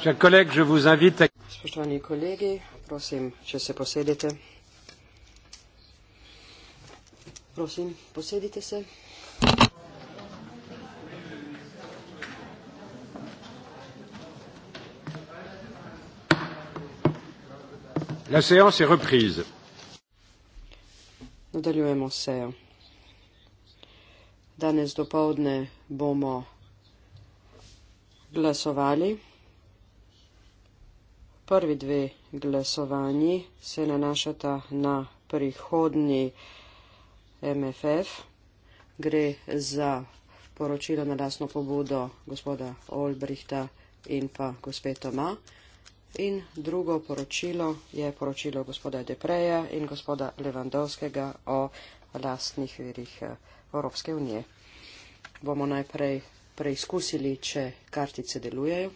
Spoštovani kolegi, prosim, če se posedite. Prosim, posedite se. La séance est reprise. Nadaljujemo sejo. Danes dopoledne bomo glasovali. Prvi dve glasovanji se nanašata na prihodni MFF. Gre za poročilo na lasno pobudo gospoda Olbrihta in pa gospe Toma. In drugo poročilo je poročilo gospoda Depreja in gospoda Levandovskega o lastnih virih eh, Evropske unije. Bomo najprej preizkusili, če kartice delujejo.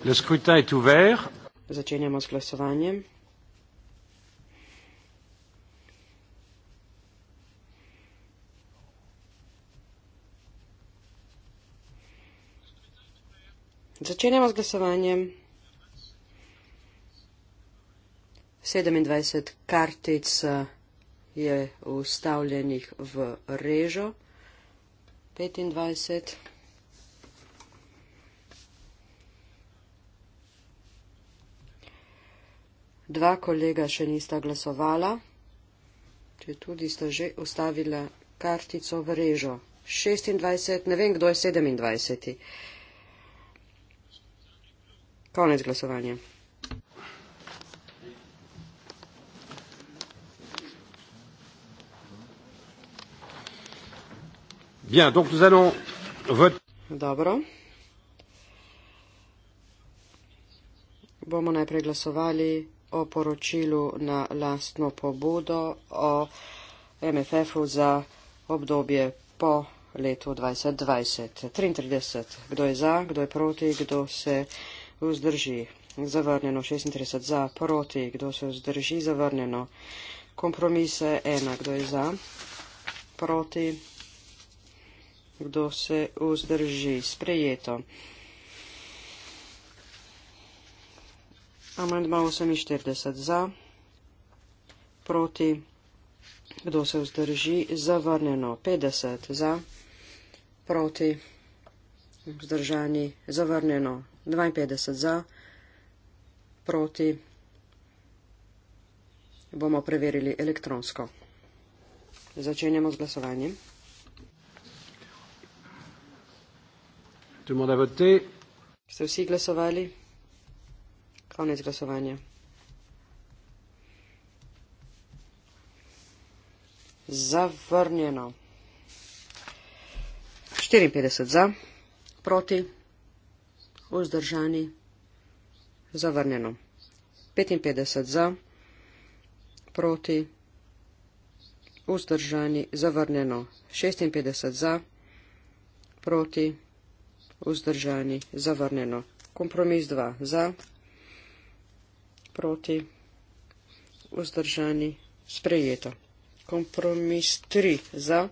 Le scrutin est ouvert. Začenjamo s glasovanjem. Začenjamo z glasovanjem. 27 kartic eh, je ustavljenih v režo. 25. Dva kolega še nista glasovala, če tudi sta že ustavila kartico v režo. 26, ne vem, kdo je 27. Konec glasovanja. Bien, donc nous allons voter. Bomo najprej glasovali o poročilu na lastno pobudo o MFF-u za obdobje po letu 2020. 33. Kdo je za, kdo je proti, kdo se vzdrži, zavrnjeno 36 za, proti, kdo se vzdrži, zavrnjeno, kompromise 1, kdo je za, proti, kdo se vzdrži, sprejeto. Amendma 48 za, proti, kdo se vzdrži, zavrnjeno, 50 za, proti, vzdržani, zavrnjeno, 52 za, proti bomo preverili elektronsko. Začenjamo z glasovanjem. Ste vsi glasovali? Konec glasovanja. Zavrnjeno. 54 za, proti vzdržani. Zavrnjeno. 55 za, proti, vzdržani, zavrnjeno. 56 za, proti, vzdržani, zavrnjeno. Kompromis 2 za, proti, vzdržani, sprejeto. Kompromis 3 za,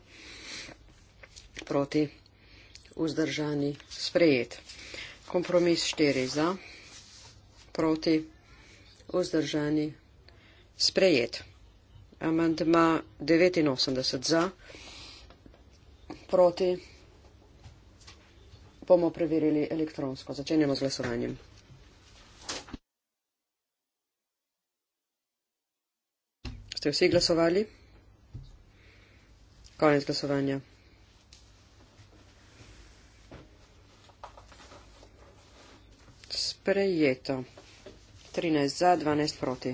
proti, vzdržani, sprejeto kompromis 4 za, proti, vzdržani, sprejet. Amandma 89 za, proti, bomo preverili elektronsko. Začenjamo z glasovanjem. Ste vsi glasovali? Konec glasovanja. sprejeto. 13 za, 12 proti.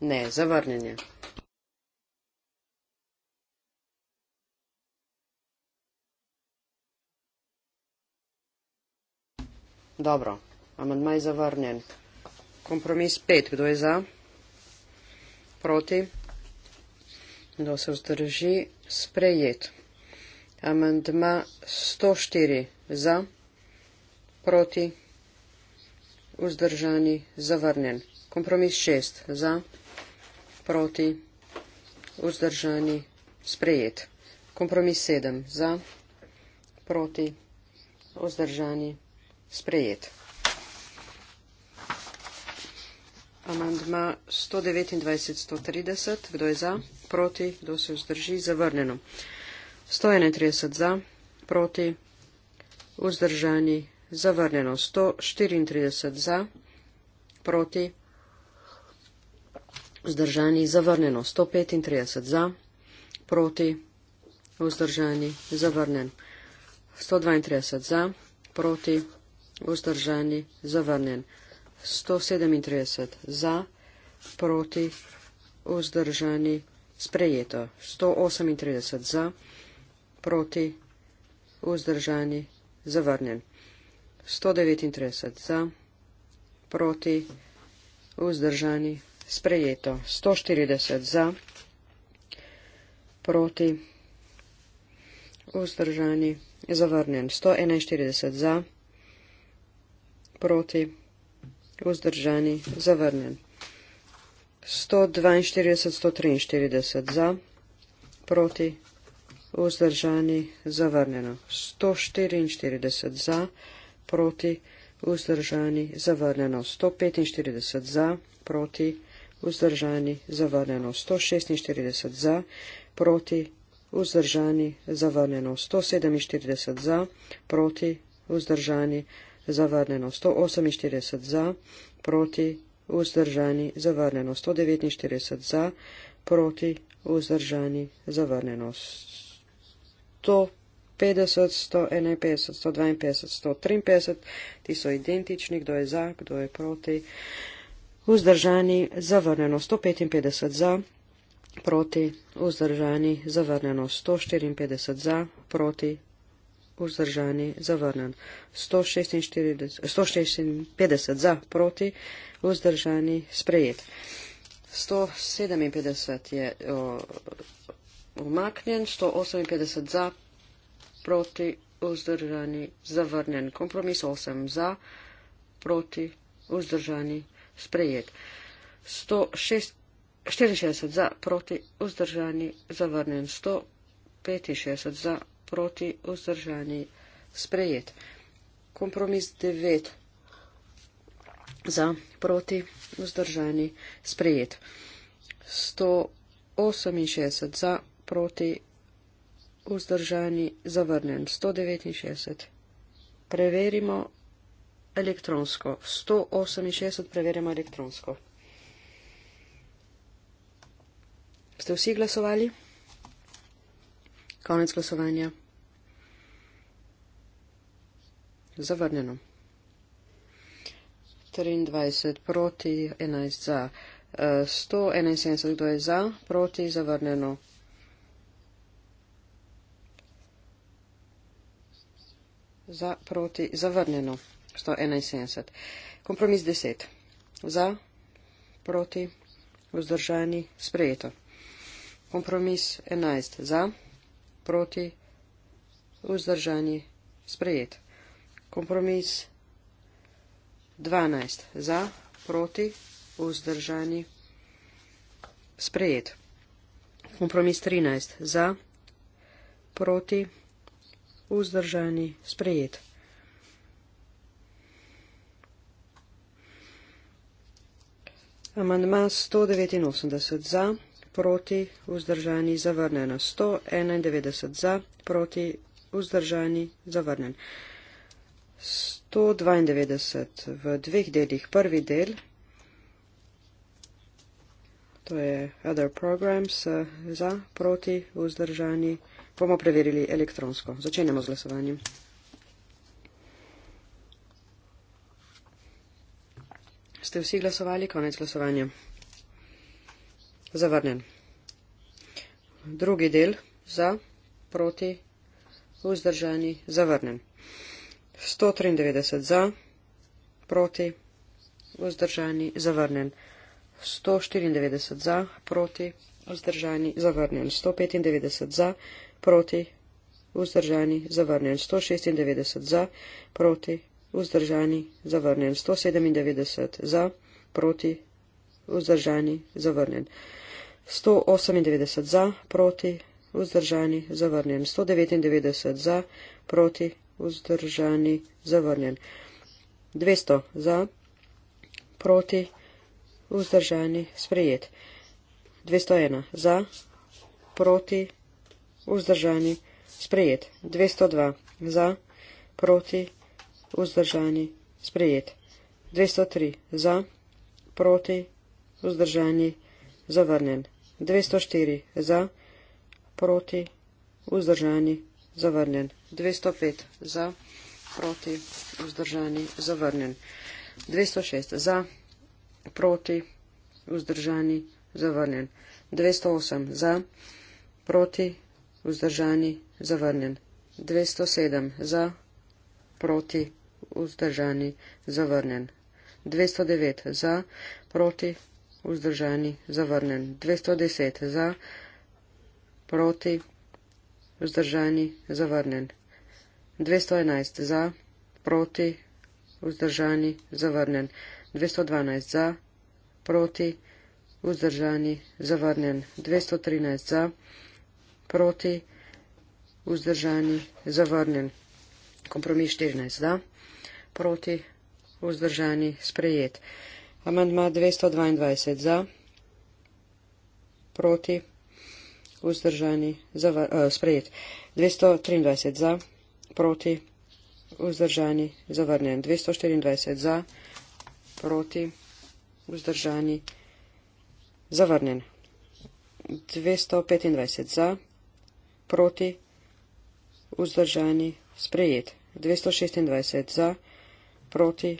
Ne, zavrnjenje. Dobro, amandma je zavrnjen. Kompromis 5, kdo je za? Proti. Kdo se vzdrži? Sprejeto amandma 104 za, proti, vzdržani, zavrnjen. Kompromis 6 za, proti, vzdržani, sprejet. Kompromis 7 za, proti, vzdržani, sprejet. Amandma 129-130, kdo je za, proti, kdo se vzdrži, zavrnjeno. 131 za, proti, vzdržani, zavrnjeno 134 za, proti, vzdržani, zavrnjeno 135 za, proti, vzdržani, zavrnjen 132 za, proti, vzdržani, zavrnjen 137 za, proti, vzdržani, sprejeto 138 za, proti, proti, vzdržani, zavrnjen. 139 za, proti, vzdržani, sprejeto. 140 za, proti, vzdržani, zavrnjen. 141 za, proti, vzdržani, zavrnjen. 142, 143 za, proti, vzdržani, zavrnjeno. 144 za, proti, vzdržani, zavrnjeno. 145 za, proti, vzdržani, zavrnjeno. 146 za, proti, vzdržani, zavrnjeno. 147 za, proti, vzdržani, zavrnjeno. 148 za, proti, vzdržani, zavrnjeno. 149 za, proti, vzdržani, zavrnjeno. 150, 151, 152, 153, ti so identični, kdo je za, kdo je proti. Vzdržani, zavrnjeno 155 za, proti, vzdržani, zavrnjeno 154 za, proti, vzdržani, zavrnjen 156 za, proti, vzdržani, sprejet. 157 je o, umaknjen, 158 za, proti, vzdržani, zavrnjen. Kompromis 8 za, proti, vzdržani, sprejet. 164 za, proti, vzdržani, zavrnjen. 165 za, proti, vzdržani, sprejet. Kompromis 9 za, proti, vzdržani, sprejet. 168 za, proti, vzdržani, sprejet. 168 za, proti vzdržani zavrnjen 169. Preverimo elektronsko. 168 preverimo elektronsko. Ste vsi glasovali? Konec glasovanja. Zavrnjeno. 23 proti 11 za. 171 eh, kdo je za, proti zavrnjeno. za proti zavrnjeno 171. Kompromis 10. Za proti vzdržani sprejeto. Kompromis 11. Za proti vzdržani sprejet. Kompromis 12. Za proti vzdržani sprejet. Kompromis 13. Za proti vzdržani sprejet vzdržani, sprejet. Amandma 189 za, proti, vzdržani, zavrnjena. 191 za, proti, vzdržani, zavrnjen. 192 v dveh delih prvi del, to je Other Programs, eh, za, proti, vzdržani, zavrnjena bomo preverili elektronsko. Začenjamo z glasovanjem. Ste vsi glasovali? Konec glasovanja. Zavrnjen. Drugi del za, proti, vzdržani, zavrnjen. 193 za, proti, vzdržani, zavrnjen. 194 za, proti, vzdržani, zavrnjen. 195 za, proti, vzdržani, zavrnjen 196 za, proti, vzdržani, zavrnjen 197 za, proti, vzdržani, zavrnjen 198 za, proti, vzdržani, zavrnjen 199 za, proti, vzdržani, zavrnjen 200 za, proti, vzdržani, sprejet 201 za, proti, vzdržani, vzdržani, sprejet. 202 za, proti, vzdržani, sprejet. 203 za, proti, vzdržani, zavrnjen. 204 za, proti, vzdržani, zavrnjen. 205 za, proti, vzdržani, zavrnjen. 206 za, proti, vzdržani, zavrnjen. 208 za, proti, vzdržani, zavrnjen. 207 za, proti, vzdržani, zavrnjen. 209 za, proti, vzdržani, zavrnjen. 210 za, proti, vzdržani, zavrnjen. 211 za, proti, vzdržani, zavrnjen. 212 za, proti, vzdržani, zavrnjen. 213 za, proti, vzdržani, zavrnjen proti, vzdržani, zavrnjen. Kompromis 14, da, proti, vzdržani, sprejet. Amandma 222 za, proti, vzdržani, zavr, uh, eh, sprejet. 223 za, proti, vzdržani, zavrnjen. 224 za, proti, vzdržani, zavrnjen. 225 za, proti, vzdržani, sprejet. 226 za, proti,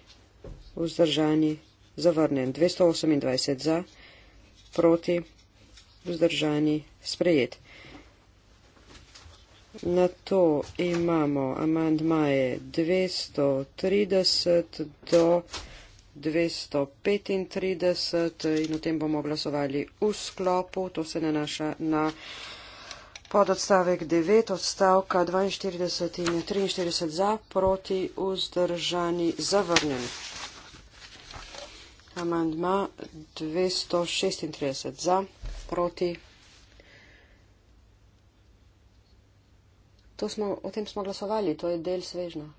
vzdržani, zavrnen. 228 za, proti, vzdržani, sprejet. Na to imamo amandmaje 230 do 235 in o tem bomo glasovali v sklopu. To se nanaša na pod odstavek 9 odstavka 42 in 43 za, proti, vzdržani, zavrnjeni. Amandma 236 za, proti. To smo, o tem smo glasovali, to je del svežna.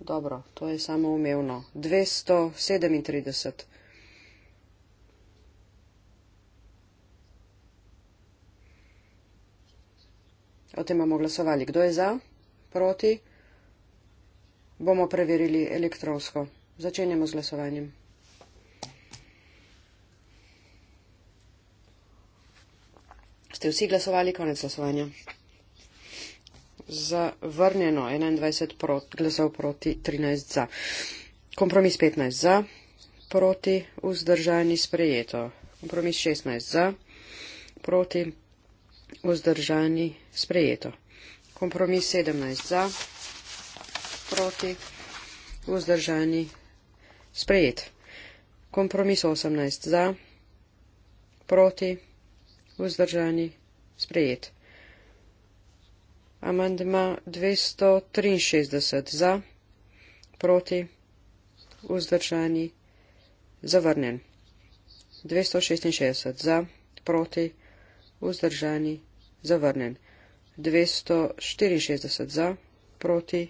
Dobro, to je samo umevno. 237. O tem bomo glasovali. Kdo je za, proti? Bomo preverili elektronsko. Začenjamo z glasovanjem. Ste vsi glasovali, konec glasovanja? Zavrnjeno 21 prot, glasov proti 13 za. Kompromis 15 za, proti vzdržani sprejeto. Kompromis 16 za, proti vzdržani sprejeto. Kompromis 17 za, proti, vzdržani sprejet. Kompromis 18 za, proti, vzdržani sprejet. Amandma 263 za, proti, vzdržani zavrnjen. 266 za, proti, vzdržani sprejet vzdržani, zavrnjen. 264 za, proti,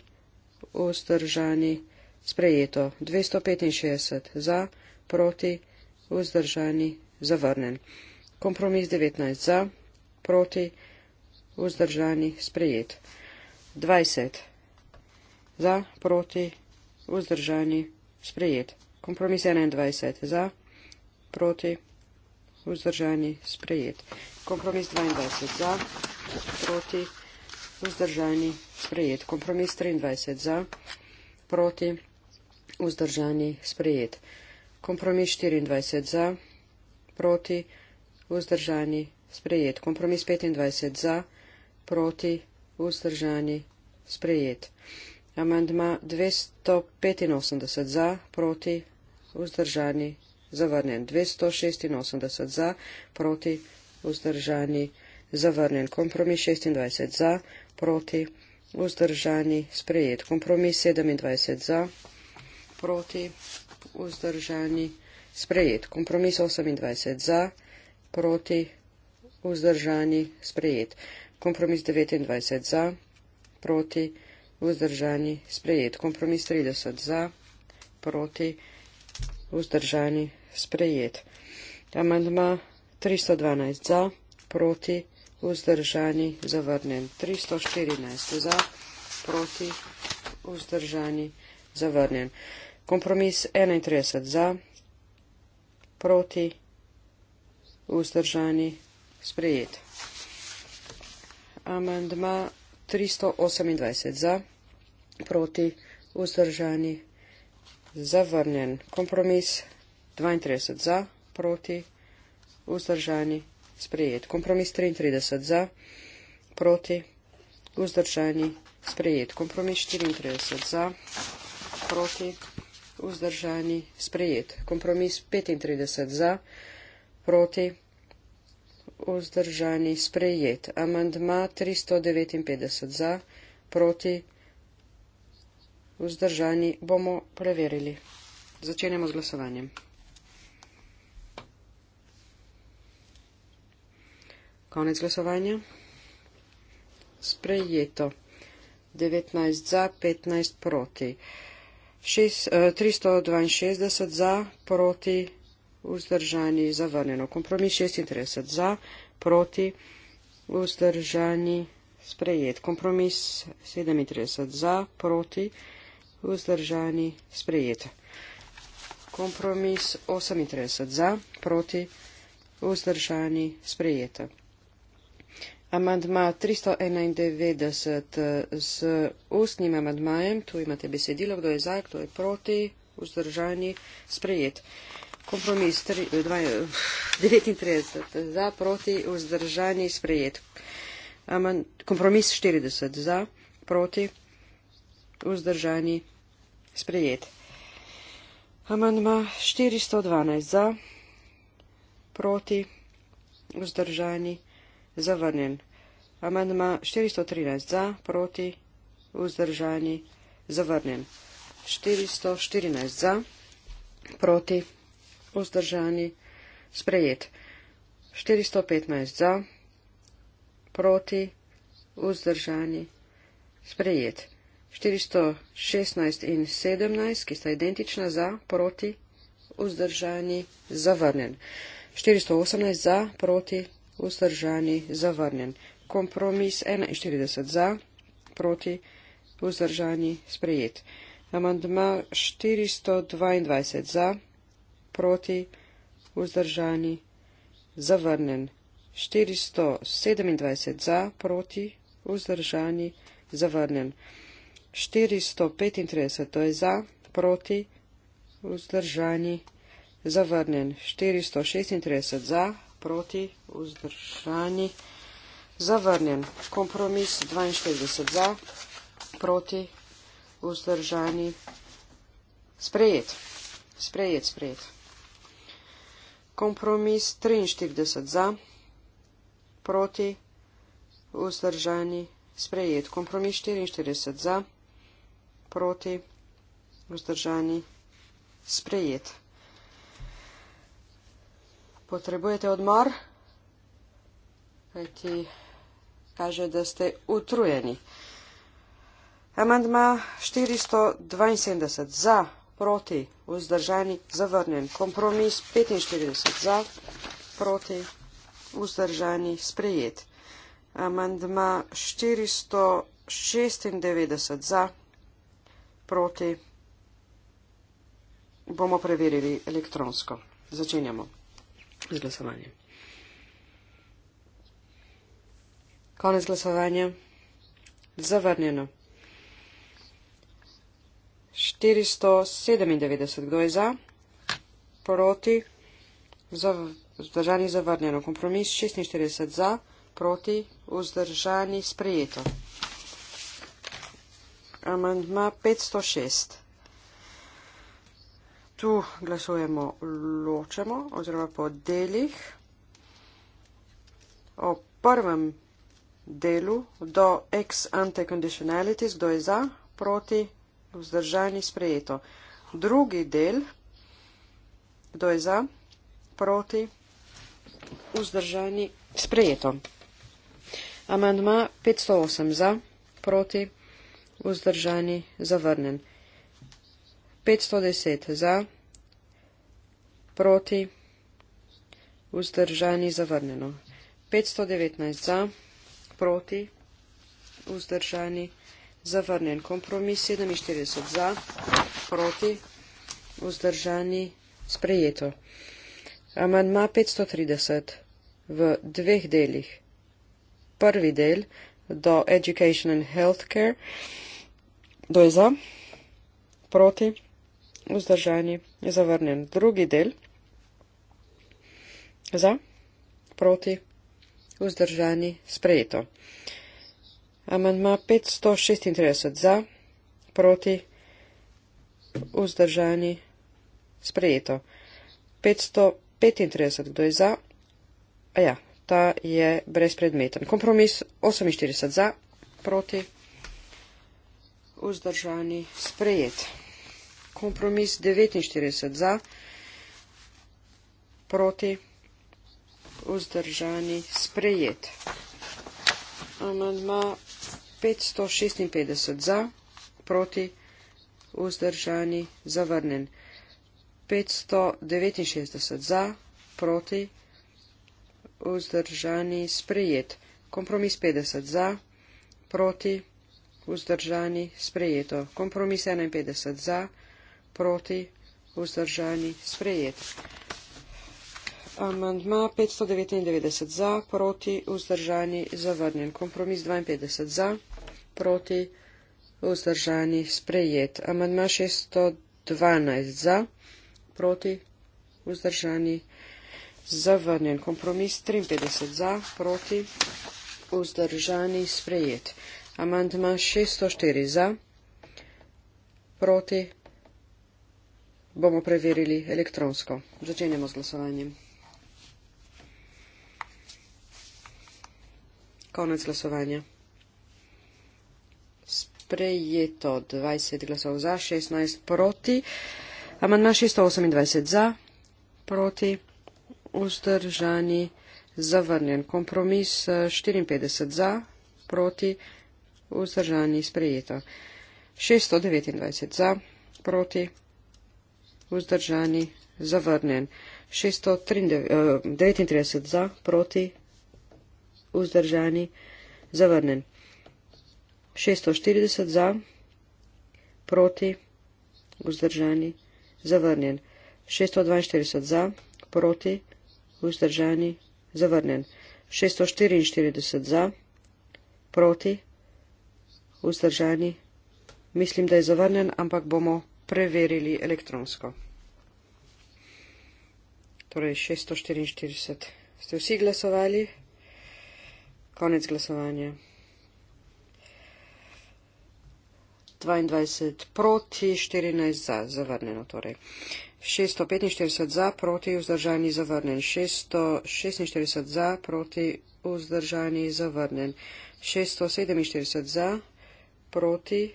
vzdržani, sprejeto. 265 za, proti, vzdržani, zavrnjen. Kompromis 19 za, proti, vzdržani, sprejet. 20 za, proti, vzdržani, sprejet. Kompromis 21 za, proti, vzdržani, sprejet. Kompromis 22 za, proti, vzdržani, sprejet. Kompromis 23 za, proti, vzdržani, sprejet. Kompromis 24 za, proti, vzdržani, sprejet. Kompromis 25 za, proti, vzdržani, sprejet. Amandma 285 za, proti, vzdržani, zavrnjen. 286 za, proti, vzdržani, zavrnjen kompromis 26 za, proti, vzdržani, sprejet kompromis 27 za, proti, vzdržani, sprejet kompromis 28 za, proti, vzdržani, sprejet kompromis 29 za, proti, vzdržani, sprejet kompromis 30 za, proti, vzdržani, sprejet. Amandma 312 za, proti, vzdržani, zavrnjen. 314 za, proti, vzdržani, zavrnjen. Kompromis 31 za, proti, vzdržani, sprejet. Amandma 328 za, proti, vzdržani, zavrnjen. Kompromis 32 za, proti, vzdržani vzdržani, sprejet. Kompromis 33 za, proti, vzdržani, sprejet. Kompromis 34 za, proti, vzdržani, sprejet. Kompromis 35 za, proti, vzdržani, sprejet. Amandma 359 za, proti, vzdržani, bomo preverili. Začenjamo z glasovanjem. Konec glasovanja. Sprejeto. 19 za, 15 proti. 362 eh, za, proti, vzdržani, zavrnjeno. Kompromis 36 za, proti, vzdržani, sprejet. Kompromis 37 za, proti, vzdržani, sprejet. Kompromis 38 za, proti, vzdržani, sprejet. Amandma 391 s ustnim amandmajem, tu imate besedilo, kdo je za, kdo je proti, vzdržani, sprejet. Kompromis 3, 39 eh, eh, za, proti, vzdržani, sprejet. Amand, kompromis 40 za, proti, vzdržani, sprejet. Amandma 412 za, proti, vzdržani, sprejet zavrnjen. Amandma 413 za, proti, vzdržani, zavrnjen. 414 za, proti, vzdržani, sprejet. 415 za, proti, vzdržani, sprejet. 416 in 17, ki sta identična za, proti, vzdržani, zavrnjen. 418 za, proti, vzdržani vzdržani, zavrnjen. Kompromis 41 za, proti, vzdržani, sprejet. Amandma 422 za, proti, vzdržani, zavrnjen. 427 za, proti, vzdržani, zavrnjen. 435 to je za, proti, vzdržani, zavrnjen. 436 za, proti, vzdržani, zavrnjen. Kompromis 42 za, proti, vzdržani, sprejet, sprejet, sprejet. Kompromis 43 za, proti, vzdržani, sprejet. Kompromis 44 za, proti, vzdržani, sprejet potrebujete odmor, kajti kaže, da ste utrujeni. Amandma 472 za, proti, vzdržani, zavrnjen. Kompromis 45 za, proti, vzdržani, sprejet. Amandma 496 za, proti, bomo preverili elektronsko. Začenjamo z glasovanjem. Konec glasovanja. Zavrnjeno. 497, kdo je za? Proti. Vzdržani zavrnjeno. Kompromis 46 za, proti. Vzdržani sprejeto. Amandma 506 tu glasujemo ločemo oziroma po delih. O prvem delu do ex ante conditionalities, kdo je za, proti, vzdržani, sprejeto. Drugi del, kdo je za, proti, vzdržani, sprejeto. Amandma 508 za, proti, vzdržani, zavrnen. 510 za, proti, vzdržani, zavrnjeno. 519 za, proti, vzdržani, zavrnjen. Kompromis 47 za, proti, vzdržani, sprejeto. Amandma 530 v dveh delih. Prvi del do Education and Healthcare. Kdo je za? Proti? vzdržani je zavrnjen drugi del. Za, proti, vzdržani, sprejeto. Amandma 536 za, proti, vzdržani, sprejeto. 535, kdo je za? A ja, ta je brezpredmeten. Kompromis 48 za, proti, vzdržani, sprejeto kompromis 49 za, proti, vzdržani, sprejet. Amandma 556 za, proti, vzdržani, zavrnen. 569 za, proti, vzdržani, sprejet. Kompromis 50 za, proti, vzdržani, sprejeto. Kompromis 51 za, proti, vzdržani, sprejeto proti, vzdržani, sprejet. Amandma 599 za, proti, vzdržani, zavrnjen. Kompromis 52 za, proti, vzdržani, sprejet. Amandma 612 za, proti, vzdržani, zavrnjen. Kompromis 53 za, proti, vzdržani, sprejet. Amandma 604 za, proti, bomo preverili elektronsko. Začenjamo z glasovanjem. Konec glasovanja. Sprejeto 20 glasov za, 16 proti. Amandma 628 za, proti, vzdržani, zavrnjen. Kompromis 54 eh, za, proti, vzdržani, sprejeto. 629 za, proti, vzdržani, zavrnjen. 639 eh, za, proti, vzdržani, zavrnjen. 640 za, proti, vzdržani, zavrnjen. 642 za, proti, vzdržani, zavrnjen. 644 za, proti, vzdržani, mislim, da je zavrnjen, ampak bomo preverili elektronsko. Torej 644. Ste vsi glasovali? Konec glasovanja. 22 proti, 14 za, zavrnjeno torej. 645 za, proti, vzdržani, zavrnjen. 646 za, proti, vzdržani, zavrnjen. 647 za, proti,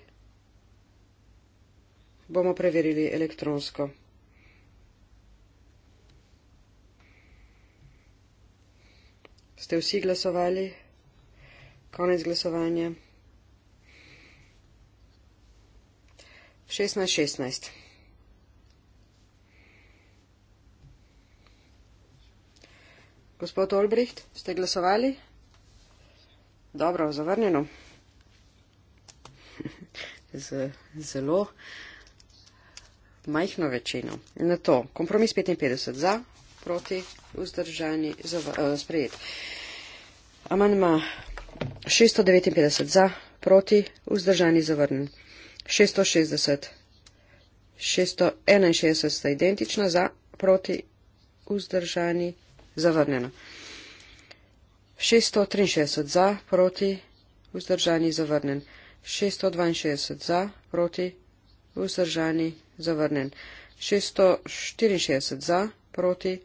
bomo preverili elektronsko. Ste vsi glasovali? Konec glasovanja. 16.16. Gospod Olbricht, ste glasovali? Dobro, zavrnjeno. Z, zelo. Uh, majhno večino. Na to kompromis 55 za, proti, vzdržani, za, uh, eh, sprejet. Amanima 659 za, proti, vzdržani, zavrnjen. 660, 661 sta identična za, proti, vzdržani, zavrnjena. 663 za, proti, vzdržani, zavrnjen. 662 za, proti, vzdržani, zavrnjen zavrnjen. 664 za, proti,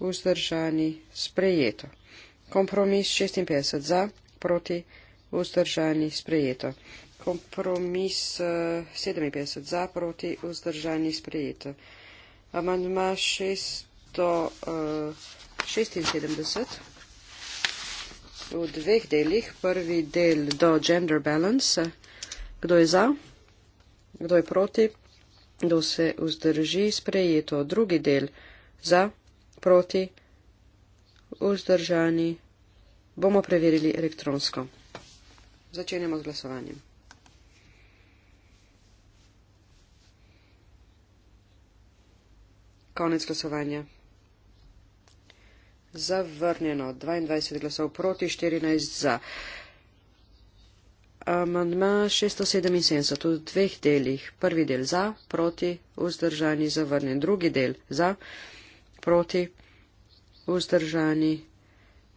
vzdržani, sprejeto. Kompromis 56 za, proti, vzdržani, sprejeto. Kompromis 57 eh, za, proti, vzdržani, sprejeto. Amandma 676 eh, v dveh delih. Prvi del do gender balance. Kdo je za? Kdo je proti? da se vzdrži sprejeto drugi del za, proti, vzdržani, bomo preverili elektronsko. Začenjamo z glasovanjem. Konec glasovanja. Zavrnjeno 22 glasov proti 14 za amandma 677 tudi v dveh delih. Prvi del za, proti, vzdržani, zavrnjen. Drugi del za, proti, vzdržani,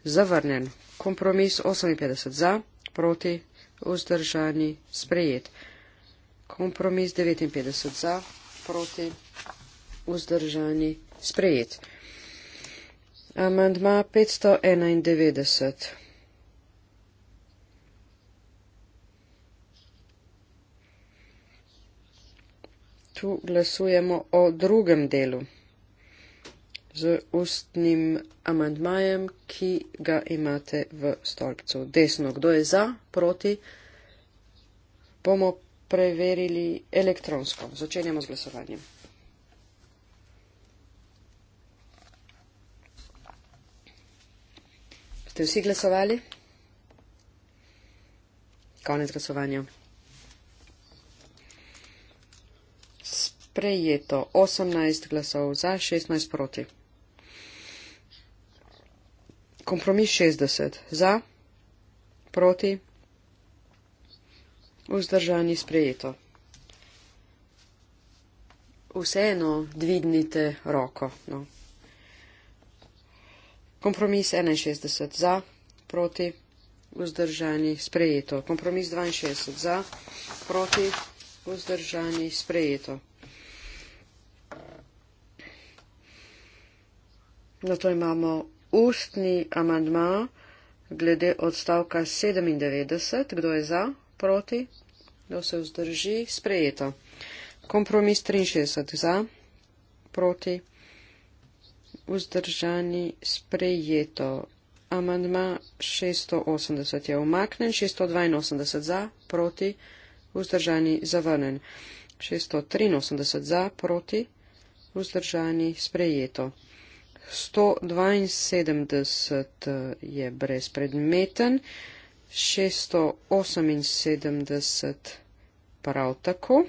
zavrnjen. Kompromis 58 za, proti, vzdržani, sprejet. Kompromis 59 za, proti, vzdržani, sprejet. Amandma 591. tu glasujemo o drugem delu z ustnim amandmajem, ki ga imate v stolpcu desno. Kdo je za, proti, bomo preverili elektronsko. Začenjamo z glasovanjem. Ste vsi glasovali? Konec glasovanja. sprejeto. 18 glasov za, 16 proti. Kompromis 60 za, proti, vzdržani sprejeto. Vseeno dvignite roko. No. Kompromis 61 za, proti, vzdržani sprejeto. Kompromis 62 za, proti, vzdržani sprejeto. Zato imamo ustni amandma glede odstavka 97. Kdo je za, proti? Kdo se vzdrži? Sprejeto. Kompromis 63. Za, proti? Vzdržani, sprejeto. Amandma 680 je umaknen, 682 za, proti, vzdržani, zavrnen. 683 za, proti, vzdržani, sprejeto. 172 eh, je brezpredmeten, 678 prav tako.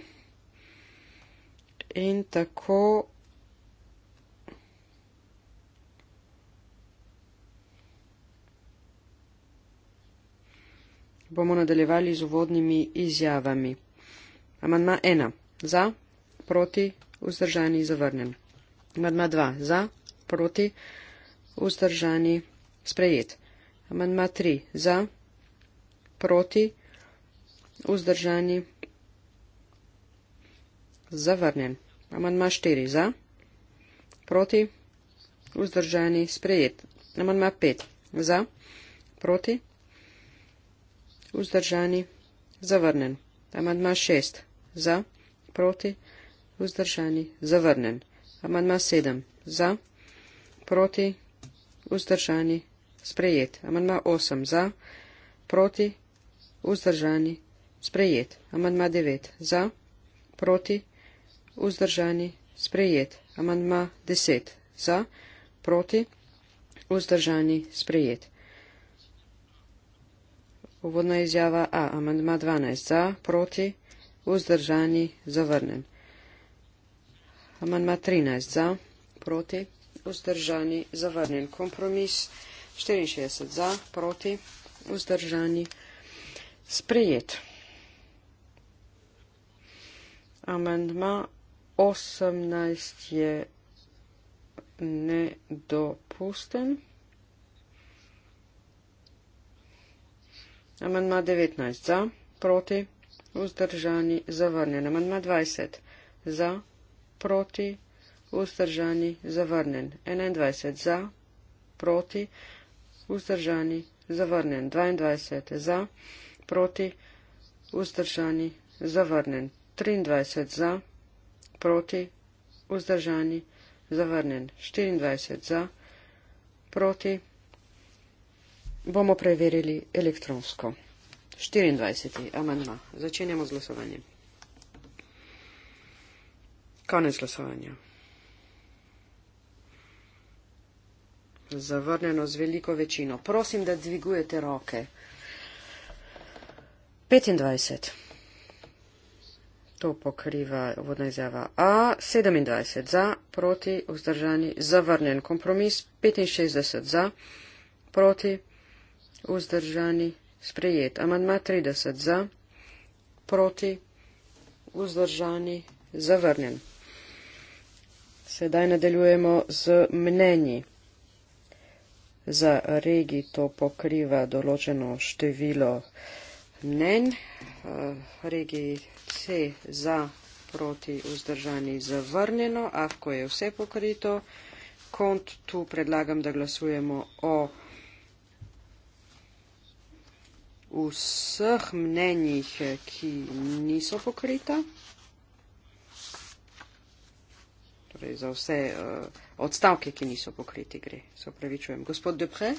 In tako bomo nadaljevali z uvodnimi izjavami. Amandma 1. Za, proti, vzdržani, zavrnen. Amandma 2. Za, proti, vzdržani, sprejet. Amandma 3 za, proti, vzdržani, zavrnjen. Amandma 4 za, proti, vzdržani, sprejet. Amandma 5 za, proti, vzdržani, zavrnjen. Amandma 6 za, proti, vzdržani, zavrnjen. Amandma 7 za, proti, proti, vzdržani, sprejet. Amandma 8 za, proti, vzdržani, sprejet. Amandma 9 za, proti, vzdržani, sprejet. Amandma 10 za, proti, vzdržani, sprejet. Uvodna izjava A. Amandma 12 za, proti, vzdržani, zavrnen. Amandma 13 za, proti, vzdržani, zavrnen vzdržani, zavrnjen kompromis, 64 za, proti, vzdržani, sprejet. Amendma 18 je nedopusten. Amendma 19 za, proti, vzdržani, zavrnjen. Amendma 20 za, proti, vzdržani vzdržani, zavrnjen, 21 za, proti, vzdržani, zavrnjen, 22 za, proti, vzdržani, zavrnjen, 23 za, proti, vzdržani, zavrnjen, 24 za, proti, bomo preverili elektronsko. 24. amandma. Začenjamo z glasovanjem. Konec glasovanja. zavrnjeno z veliko večino. Prosim, da dvigujete roke. 25. To pokriva vodna izjava A. 27 za, proti, vzdržani, zavrnjen kompromis. 65 za, proti, vzdržani, sprejet. Amandma 30 za, proti, vzdržani, zavrnjen. Sedaj nadaljujemo z mnenji za regij to pokriva določeno število mnen, eh, regiji C za proti vzdržani zavrnjeno, AFKO je vse pokrito, KONT tu predlagam, da glasujemo o vseh mnenjih, ki niso pokrita. Torej, za vse uh, odstavke, ki niso pokriti, gre. Se upravičujem. Gospod Depre?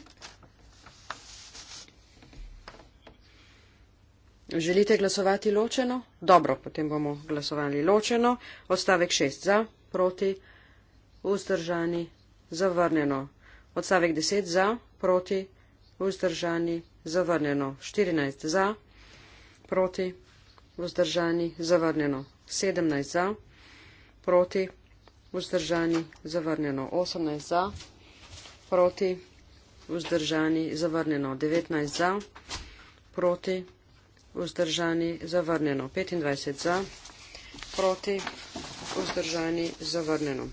Želite glasovati ločeno? Dobro, potem bomo glasovali ločeno. Odstavek 6 za, proti, vzdržani, zavrnjeno. Odstavek 10 za, proti, vzdržani, zavrnjeno. 14 za, proti, vzdržani, zavrnjeno. 17 za, proti, vzdržani vzdržani, zavrnjeno 18 za, proti, vzdržani, zavrnjeno 19 za, proti, vzdržani, zavrnjeno 25 za, proti, vzdržani, zavrnjeno.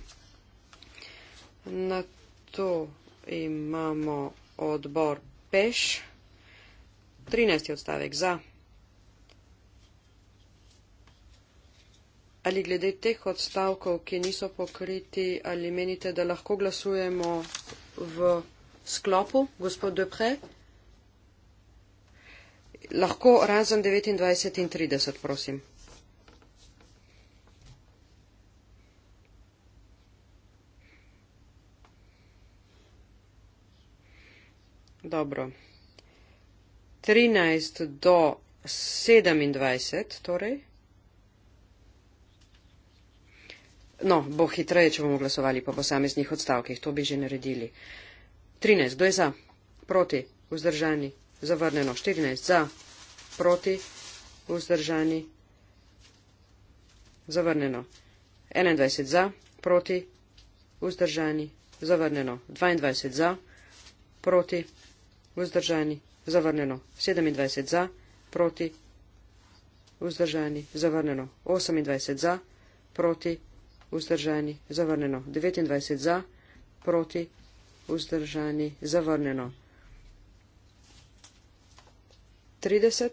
Na to imamo odbor peš, 13 odstavek za, proti, vzdržani, zavrnjeno 25 za, proti, vzdržani, zavrnjeno 25 za, Ali glede teh odstavkov, ki niso pokriti, ali menite, da lahko glasujemo v sklopu, gospod Depre? Lahko razen 29 in 30, prosim. Dobro. 13 do 27, torej. No, bo hitreje, če bomo glasovali po posameznih odstavkih, to bi že naredili. 13. Kdo je za? Proti. Vzdržani. Zavrneno. 14. Za. Proti. Vzdržani. Zavrneno. 21. Za. Proti. Vzdržani. Zavrneno. 22. Za. Proti. Vzdržani. Zavrneno. 27. Za. Proti. Vzdržani. Zavrneno. 28. Za. Proti. Vzdržani vzdržani, zavrnjeno. 29 za, proti, vzdržani, zavrnjeno. 30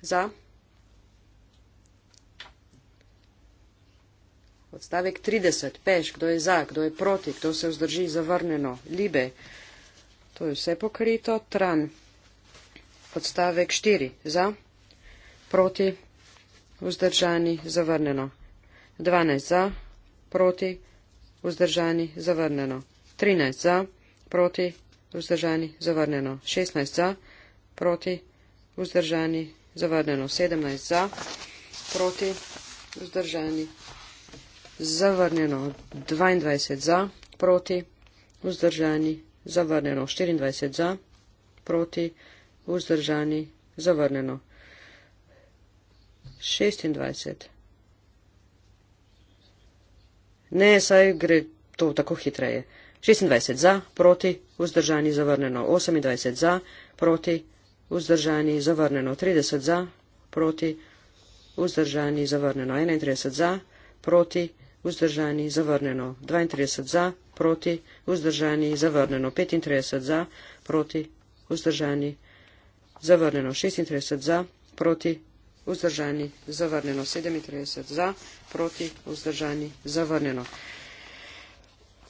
za. Odstavek 30. Peš, kdo je za, kdo je proti, kdo se vzdrži, zavrnjeno. Libe. To je vse pokrito. Tran. Odstavek 4. Za. Proti. Vzdržani, zavrnjeno. 12 za, proti, vzdržani, zavrnjeno. 13 za, proti, vzdržani, zavrnjeno. 16 za, proti, vzdržani, zavrnjeno. 17 za, proti, vzdržani, zavrnjeno. 22 za, proti, vzdržani, zavrnjeno. 24 za, proti, vzdržani, zavrnjeno. 26. Ne, saj gre to tako hitreje. 26 za, proti, vzdržani, zavrneno, 28 za, proti, vzdržani, zavrneno, 30 za, proti, vzdržani, zavrneno, 31 za, proti, vzdržani, zavrneno, 32 za, proti, vzdržani, zavrneno, 35 za, proti, vzdržani, zavrneno, 36 za, proti, vzdržani, zavrnjeno. 37 za, proti, vzdržani, zavrnjeno.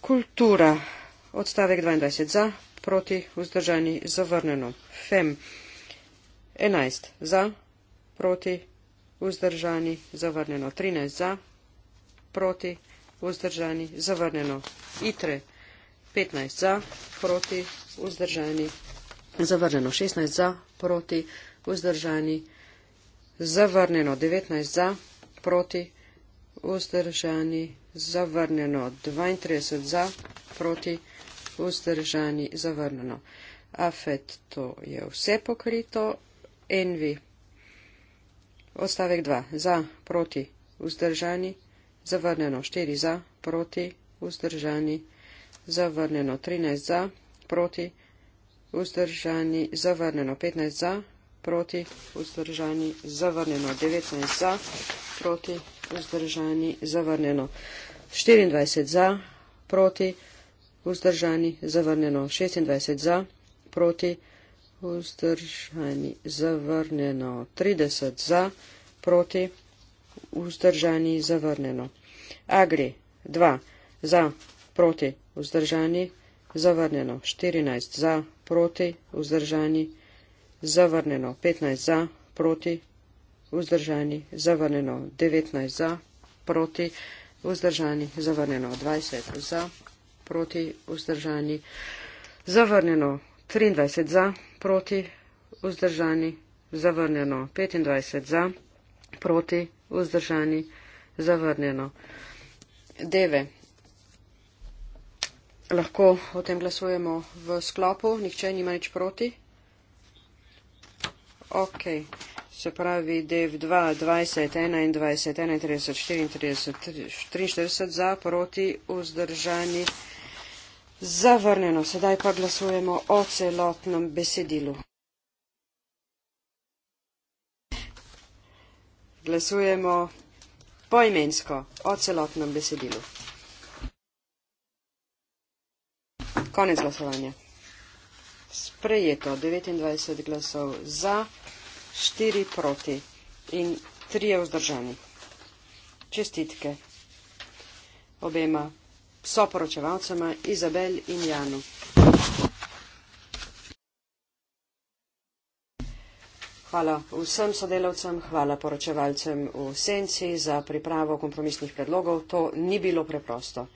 Kultura, odstavek 22 za, proti, vzdržani, zavrnjeno. FEM, 11 za, proti, vzdržani, zavrnjeno. 13 za, proti, vzdržani, zavrnjeno. ITRE, 15 za, proti, vzdržani, zavrnjeno. 16 za, proti, vzdržani, zavrnjeno zavrnjeno 19 za, proti, vzdržani, zavrnjeno 32 za, proti, vzdržani, zavrnjeno. Afet, to je vse pokrito, envi, odstavek 2, za, proti, vzdržani, zavrnjeno 4 za, proti, vzdržani, zavrnjeno 13 za, proti, vzdržani, zavrnjeno 15 za, proti vzdržani zavrnjeno. 19 za, proti vzdržani zavrnjeno. 24 za, proti vzdržani zavrnjeno. 26 za, proti vzdržani zavrnjeno. 30 za, proti vzdržani zavrnjeno. Agri 2 za, proti vzdržani zavrnjeno. 14 za, proti vzdržani zavrnjeno zavrnjeno 15 za, proti, vzdržani, zavrnjeno 19 za, proti, vzdržani, zavrnjeno 20 za, proti, vzdržani, zavrnjeno 23 za, proti, vzdržani, zavrnjeno 25 za, proti, vzdržani, zavrnjeno 9. Lahko o tem glasujemo v sklopu, nihče nima nič proti ok, se pravi DF2, 20, 21, 31, 34, 43 za, proti, vzdržani, zavrnjeno. Sedaj pa glasujemo o celotnem besedilu. Glasujemo poimensko o celotnem besedilu. Konec glasovanja. Sprejeto 29 glasov za štiri proti in tri je vzdržani. Čestitke obema soporočevalcema Izabel in Janu. Hvala vsem sodelavcem, hvala poročevalcem v senci za pripravo kompromisnih predlogov. To ni bilo preprosto.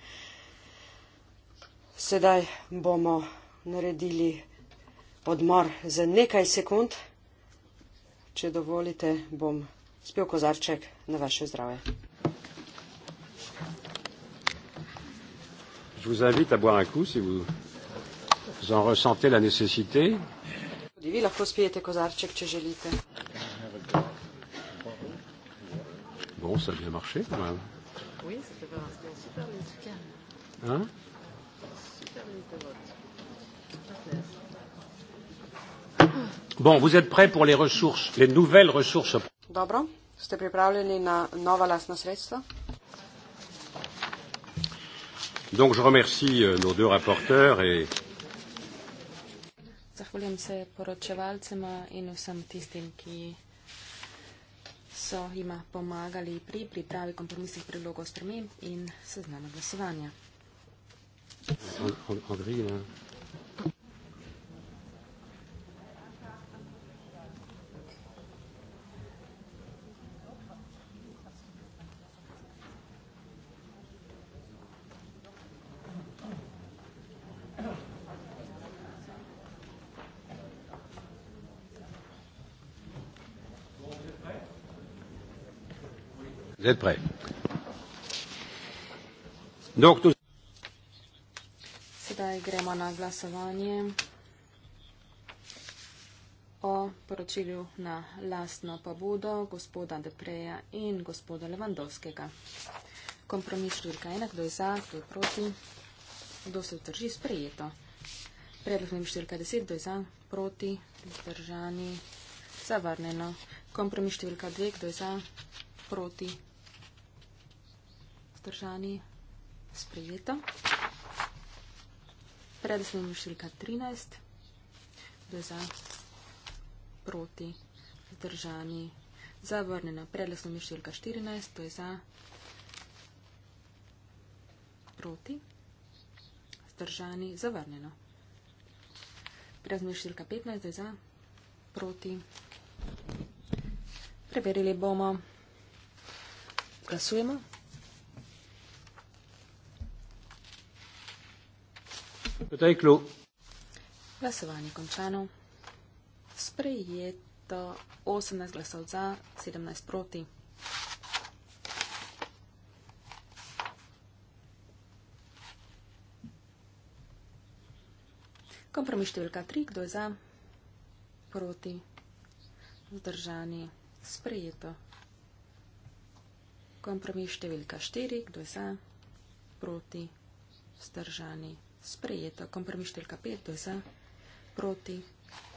Sedaj bomo naredili odmor za nekaj sekund. Če dovolite, bom spil kozarček na vaše zdravje. Je vous invite à boire un coup si vous, vous en ressentez la nécessité. Bon, ça a bien marché quand même. Oui, ça fait pas marcher. Super, mais en tout cas. Hein Super, mais de vote. Parfait. Bon, vous êtes prêts pour les ressources, les nouvelles ressources. Dobro. Ste pripravljeni na nova lastna sredstva? Donc je remercie euh, nos deux rapporteurs et Zahvaljujem se poročevalcema in vsem tistim, ki so jima pomagali pri pripravi kompromisnih predlogov sprememb in seznama glasovanja. Andrija. vous êtes prêts. Donc, nous... Sedaj gremo na glasovanje o poročilju na lastno pobudo gospoda Depreja in gospoda Levandovskega. Kompromis številka ena, kdo je za, kdo je proti, kdo se drži sprejeto. Predlog nam številka deset, kdo je za, proti, zdržani, zavrneno. Kompromis številka dve, kdo je za, proti, vzdržani, sprejeta. Predstavljamo številka 13, kdo je za, proti, vzdržani, zavrnjena. Predstavljamo številka 14, kdo je za, proti, vzdržani, zavrnjena. Predstavljamo številka 15, kdo je za, proti. Preverili bomo. Glasujemo. Potekl. Glasovanje končano. Sprejeto 18 glasov za, 17 proti. Kompromis številka 3, kdo je za, proti, vzdržani, sprejeto. Kompromis številka 4, kdo je za, proti, vzdržani, sprejeto sprejeto. Kompromis številka 5 je za, proti,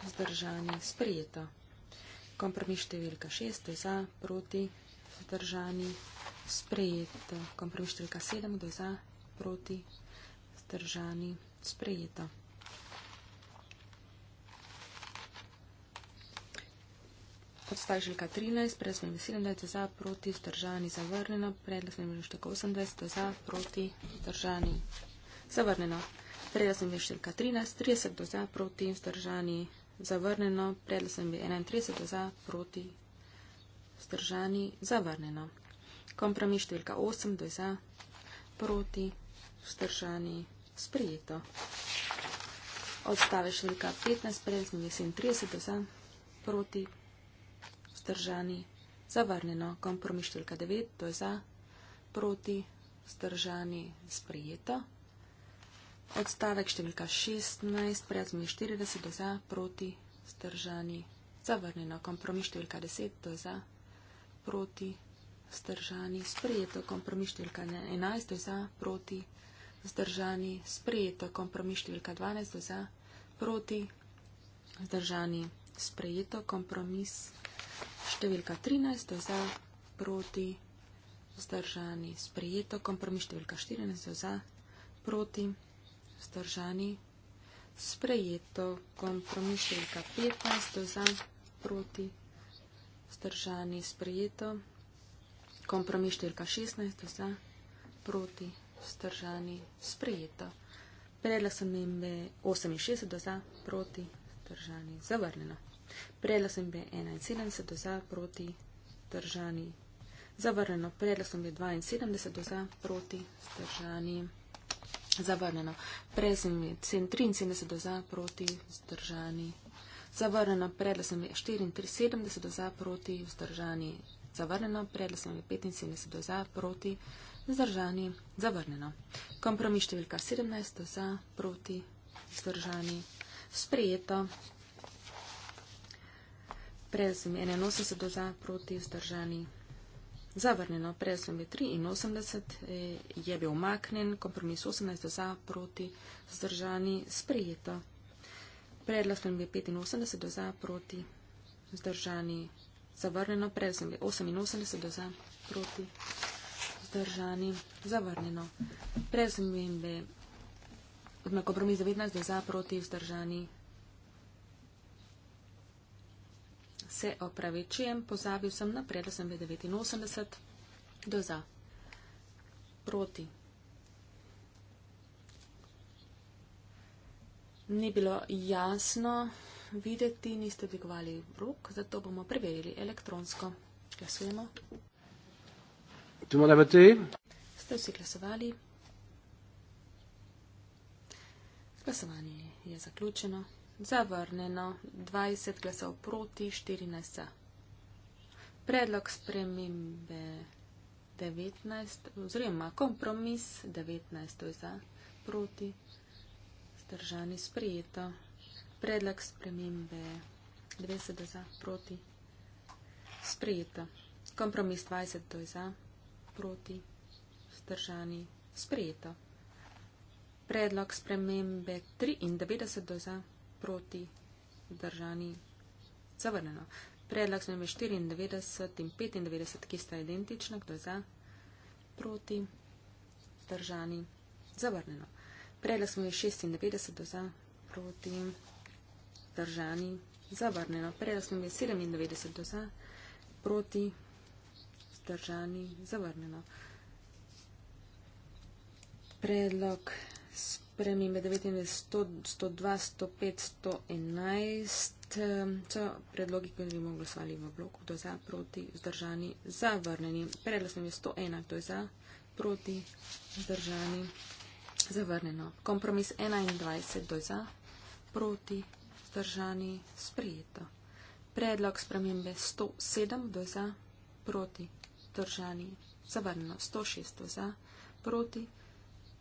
vzdržani, sprejeto. Kompromis številka 6 je za, proti, vzdržani, sprejeto. Kompromis številka 7 je za, proti, vzdržani, sprejeto. Odstavek številka 13, predlog številka 17 je za, proti, vzdržani, zavrnjeno, predlog številka 28 je za, proti, vzdržani, Zavrnjeno. 13 30 do za, proti, vzdržani, zavrnjeno. Predla sem bi 31 do za, proti, vzdržani, zavrnjeno. Kompromis številka 8 do za, proti, vzdržani, sprijeto. Odstave številka 15, predla sem bi 37 do za, proti, vzdržani, zavrnjeno. Kompromis številka 9 do za, proti, vzdržani, sprijeto. Odstavek številka 16, prijazni 40 do za, proti, stržani, zavrnjeno. Kompromis številka 10 do za, proti, stržani, sprejeto. Kompromis številka 11 do za, proti, stržani, sprejeto. Kompromis številka 12 do za, proti, stržani, sprejeto. Kompromis številka 13 do za, proti, stržani, sprejeto. Kompromis številka 14 do za, proti, stržani, sprejeto vzdržani. Sprejeto kompromisnika 15 do za, proti, vzdržani, sprejeto. Kompromis številka 16 za, proti, vzdržani, sprejeto. Predlog sem jim 68 za, proti, vzdržani, zavrnjeno. Predlog sem jim 71 za, proti, vzdržani, zavrnjeno. Predlog sem jim 72 za, proti, vzdržani, zavrnjeno. Zavrnjeno. Prej sem je 73 za proti vzdržani. Zavrnjeno. Predla sem je 74 za proti vzdržani. Zavrnjeno. Predla sem je 75 za proti vzdržani. Zavrnjeno. Kompromis številka 17 za proti vzdržani. Sprejeto. Predla sem je 81 za proti vzdržani. Zavrneno zavrnjeno, prej sem bil 83, e, je bil omaknen, kompromis 18 za, proti, zdržani, sprejeto. Predlog sem bil 85 za, proti, zdržani, zavrnjeno, prej sem bil 88 za, proti, zdržani, zavrnjeno. Prej sem bil na kompromis 19 za, proti, zdržani, zavrnjeno. Se opravičujem, pozabil sem na predlog 89 do za. Proti. Ni bilo jasno videti, niste dvigovali rok, zato bomo preverili elektronsko. Glasujemo. Tu moramo biti. Ste vsi glasovali? Glasovanje je zaključeno. Zavrnjeno 20 glasov proti 14. Predlog spremembe 19 oziroma kompromis 19 za proti zdržani sprijeto. Predlog spremembe 20 za proti sprijeto. Kompromis 20 za proti zdržani sprijeto. Predlog spremembe 93 za proti proti držani zavrneno. Predlog znamen 94 in 95, ki sta identična, kdo je za, proti držani zavrneno. Predlog znamen 96, kdo je za, proti držani zavrneno. Predlog znamen 97, kdo je za, proti držani zavrneno. Predlog spremembe 19, 102, 105, 111 so predlogi, ki bi glasovali v bloku, to je za, proti, vzdržani, zavrnjeni. Predlasno je 101, to je za, proti, vzdržani, zavrnjeno. Kompromis 21, to je za, proti, vzdržani, sprijeto. Predlog spremembe 107, to je za, proti, vzdržani, zavrnjeno. 106, to je za, proti, vzdržani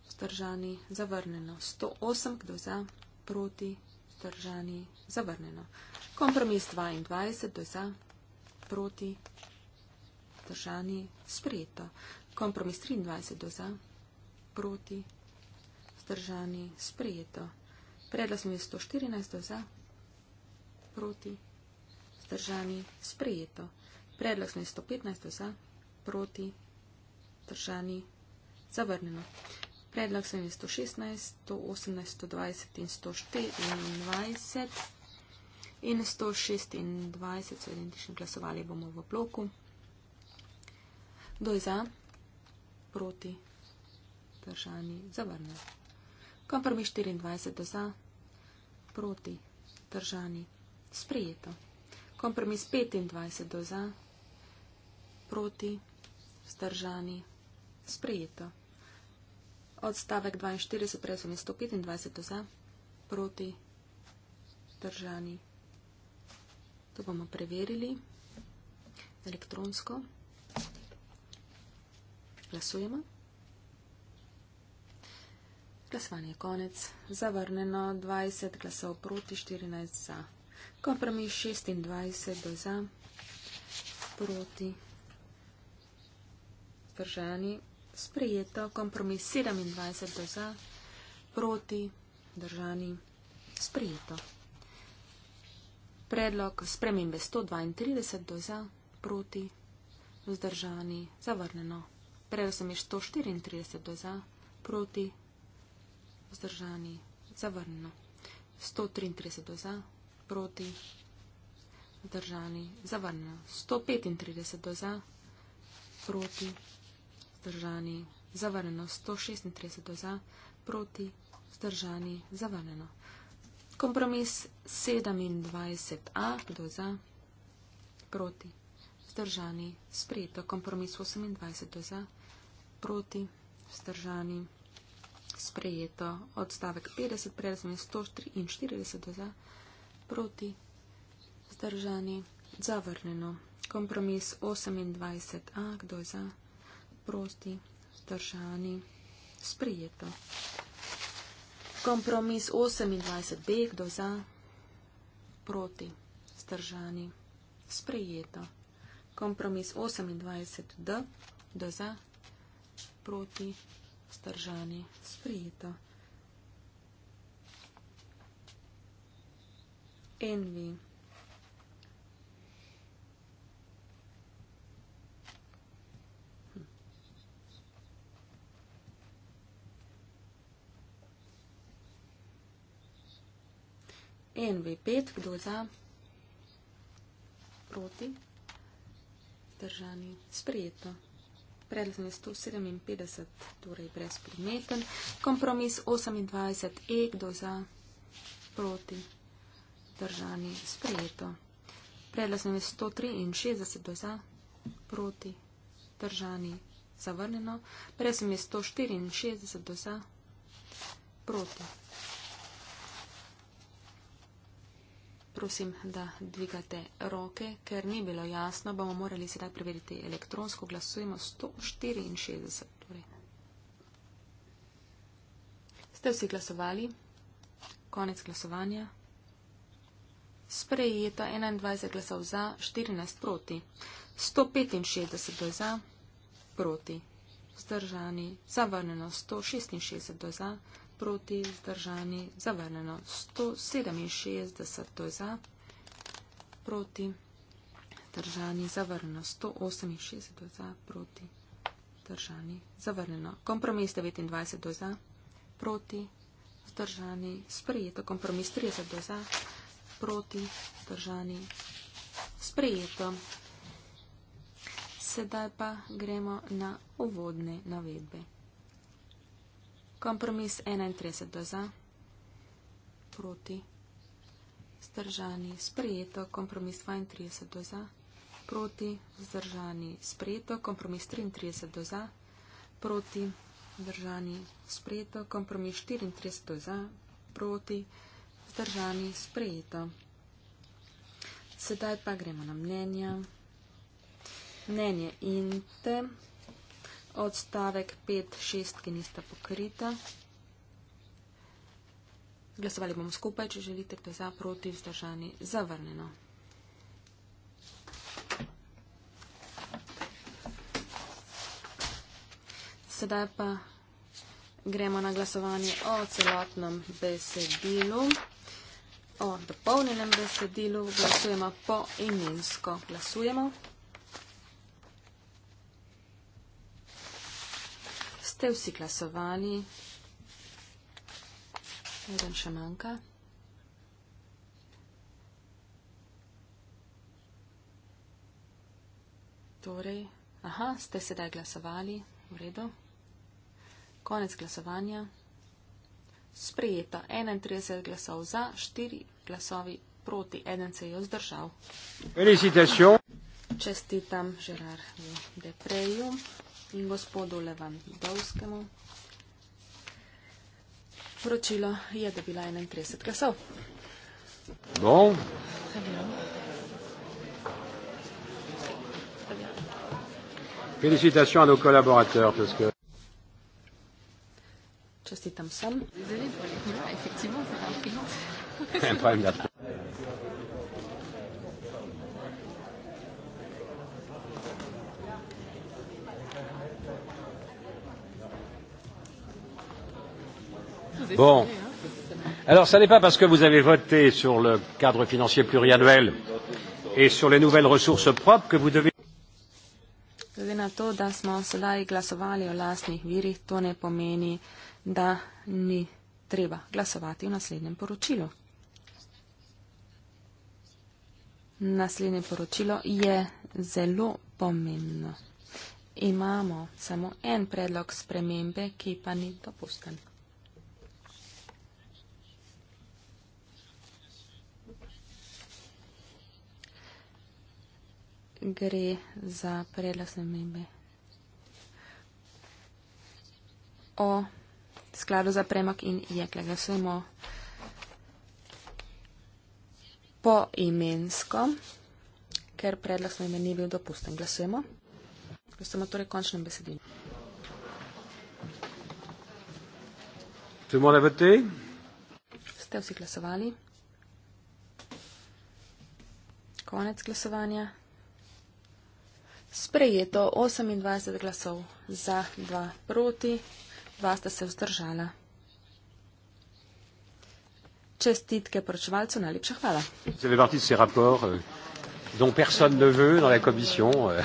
vzdržani, zavrnjeno. 108, kdo za, proti, vzdržani, zavrnjeno. Kompromis 22, kdo za, proti, vzdržani, sprejeto. Kompromis 23, kdo za, proti, vzdržani, sprejeto. Predlas mi je 114, kdo za, proti, vzdržani, sprejeto. Predlas mi je 115, kdo za, proti, vzdržani, sprejeto. Zavrnjeno predlog sem je 116, 118, 120 in 124. In 126 so identični glasovali bomo v bloku. Kdo je za? Proti. Držani. Zavrne. Kompromis 24 do za. Proti. Držani. Sprijeto. Kompromis 25 do za. Proti. Zdržani. Sprijeto. Odstavek 42, presunje 125 za, proti, držani. To bomo preverili elektronsko. Glasujemo. Glasovanje je konec. Zavrneno 20 glasov proti, 14 za. Kompromis 26 za, proti, držani sprejeto kompromis 27 do za, proti držani sprejeto. Predlog spremembe 132 do za, proti vzdržani zavrnjeno. Predlog sem je 134 do za, proti vzdržani zavrnjeno. 133 do za, proti vzdržani zavrnjeno. 135 do za, proti vzdržani zavrnjeno vzdržani, zavrnjeno 136 za, proti, vzdržani, zavrnjeno. Kompromis 27a do za, proti, vzdržani, sprejeto. Kompromis 28 do za, proti, vzdržani, sprejeto. Odstavek 50, prelazim 143 do za, proti, vzdržani, zavrnjeno. Kompromis 28a, kdo je za? prosti, vzdržani, sprijeto. Kompromis 28 B, kdo za? Proti, vzdržani, sprijeto. Kompromis 28 D, kdo za? Proti, vzdržani, sprijeto. Envy. in v5, kdo za, proti, držani, sprijeto. Predlog je 157, torej brezpredmeten. Kompromis 28, e, kdo za, proti, držani, sprijeto. Predlog je 163, kdo za, proti, držani, zavrnjeno. Predlog je 164, kdo za, proti. prosim, da dvigate roke, ker ni bilo jasno, bomo morali sedaj preveriti elektronsko. Glasujemo 164. Torej. Ste vsi glasovali? Konec glasovanja. Sprejeto 21 glasov za, 14 proti. 165 do za, proti. Zdržani, zavrnjeno 166 do za proti, zdržani, zavrnjeno 167, to je za, proti, zdržani, zavrnjeno 168, to je za, proti, zdržani, zavrnjeno. Kompromis 29, to je za, proti, zdržani, sprejeto. Kompromis 30, to je za, proti, zdržani, sprejeto. Sedaj pa gremo na uvodne navedbe. Kompromis 31 do za, proti, zdržani, sprejeto, kompromis 32 do za, proti, zdržani, sprejeto, kompromis 33 do za, proti, zdržani, sprejeto, kompromis 34 do za, proti, zdržani, sprejeto. Sedaj pa gremo na mnenja. Mnenje in te odstavek 5, 6, ki nista pokrita. Glasovali bomo skupaj, če želite, kdo za, proti, vzdržani, zavrnjeno. Sedaj pa gremo na glasovanje o celotnem besedilu, o dopolnjenem besedilu. Glasujemo po imensko. Glasujemo. ste vsi glasovali. Eden še manjka. Torej, aha, ste sedaj glasovali. V redu. Konec glasovanja. Sprejeto 31 glasov za, 4 glasovi proti, eden se je vzdržal. Felicitacijo čestitam Žerarhu Depreju in gospodu Levandovskemu. Poročilo je dobila 31 glasov. No. Félicitations à nos collaborateurs parce que. Je suis Thompson. Désolé, effectivement, c'est un prix. C'est un problème d'attente. Bon. Alors, ce n'est pas parce que vous avez voté sur le cadre financier pluriannuel et sur les nouvelles ressources propres que vous devez. Glede na to, da smo sedaj glasovali o lastnih virih, to ne pomeni, da ni treba glasovati v naslednjem poročilu. Naslednje poročilo je zelo pomembno. Imamo samo en predlog spremembe, ki pa ni dopusten. gre za predlog spremembe o skladu za premak in jekle. Glasujemo po imensko, ker predlog spremembe ni bil dopusten. Glasujemo. Glasujemo torej končnem besedilu. Ste vsi glasovali? Konec glasovanja sprejeto 28 glasov za, 2 proti, 2 sta se vzdržala. Čestitke poročevalcu, najlepša hvala. Euh, euh.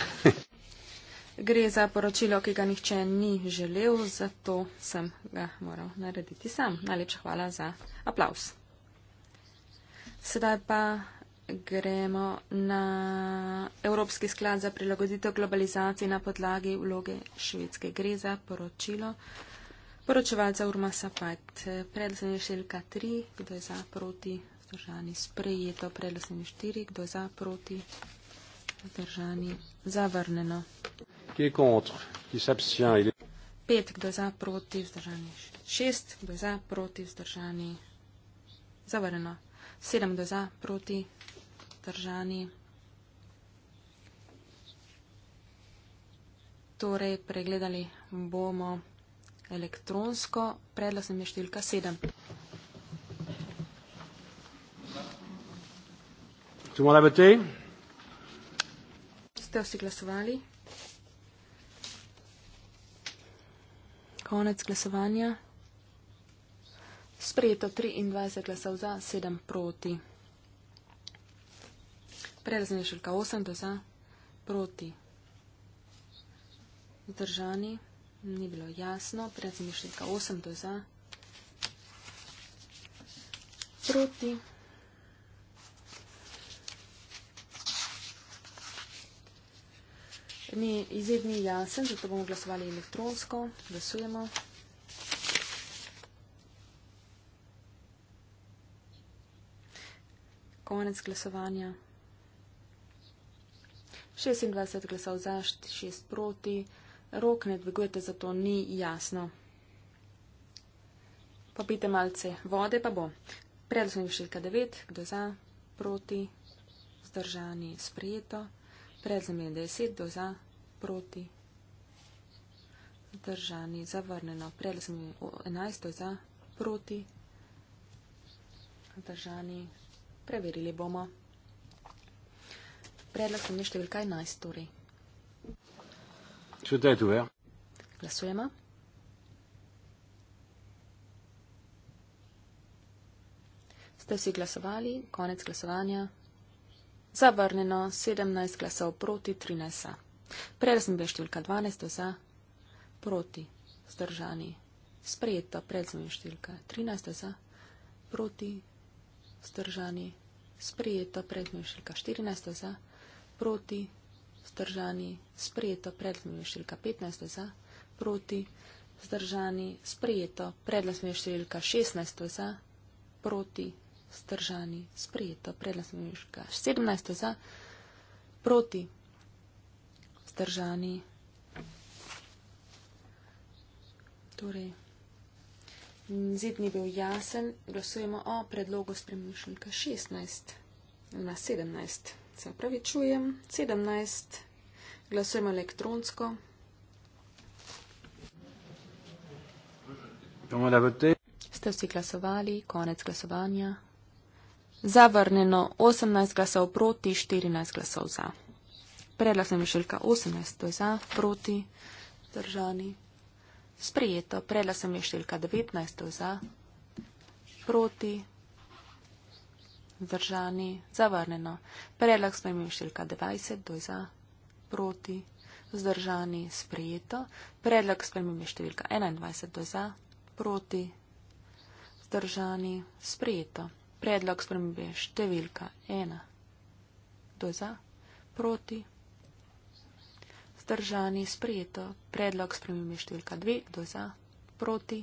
Gre za poročilo, ki ga nihče ni želel, zato sem ga moral narediti sam. Najlepša hvala za aplaus. Sedaj pa gremo na Evropski sklad za prilagoditev globalizaciji na podlagi vloge Švedske. Gre za poročilo poročevalca Urma Sapat. Predlosenje številka 3, kdo je za proti, vzdržani sprejeto. Predlosenje 4, kdo je za proti, vzdržani zavrneno. Pet, kdo je za proti, vzdržani šest, kdo je za proti, vzdržani zavrneno. Sedem, kdo je za proti, vzdržani vzdržani. Torej, pregledali bomo elektronsko. Predla sem je številka 7. Ste vsi glasovali? Konec glasovanja. Sprejeto 23 glasov za, 7 proti. Prerazni šelka 8, to sa proti. Vzdržani, ni bilo jasno. Prerazni šelka 8, to sa proti. Ni, izjed ni jasen, zato bomo glasovali elektronsko. Glasujemo. Konec glasovanja. 26 glasov za, 6 proti, rok ne dvigujete, zato ni jasno. Popite malce vode, pa bo. Predlog je številka 9, kdo za, proti, zdržani, sprejeto. Predlog je 10, kdo za, proti, zdržani, zavrnjeno. Predlog je 11, kdo za, proti, zdržani, preverili bomo. Predlog je številka 11. Torej. Glasujemo. Ste vsi glasovali? Konec glasovanja. Zavrnjeno 17 glasov proti 13. Predlog je številka 12 za proti zdržani. Sprejeto predlog je številka 13 za proti zdržani. Sprejeto predlog je številka 14 za proti zdržani proti, vzdržani, sprejeto, predlog je številka 15, to je za, proti, vzdržani, sprejeto, predlog je številka 16, to je za, proti, vzdržani, sprejeto, predlog je številka 17, to je za, proti, vzdržani. Torej, zid ni bil jasen, glasujemo o predlogu spremljušnika 16 na 17 se pravi čujem, 17, glasujem elektronsko. Ste vsi glasovali, konec glasovanja. Zavrnjeno 18 glasov proti, 14 glasov za. Predlog sem mišljka 18, to je za, proti, držani. Sprijeto, predlog sem mišljka 19, to je za, proti, vzdržani, zavrnjeno. Predlog spremem številka 20, doj za, proti, vzdržani, sprejeto. Predlog spremem številka 21, doj za, proti, vzdržani, sprejeto. Predlog spremem številka 1, doj za, proti, vzdržani, sprejeto. Predlog spremem številka 2, doj za, proti,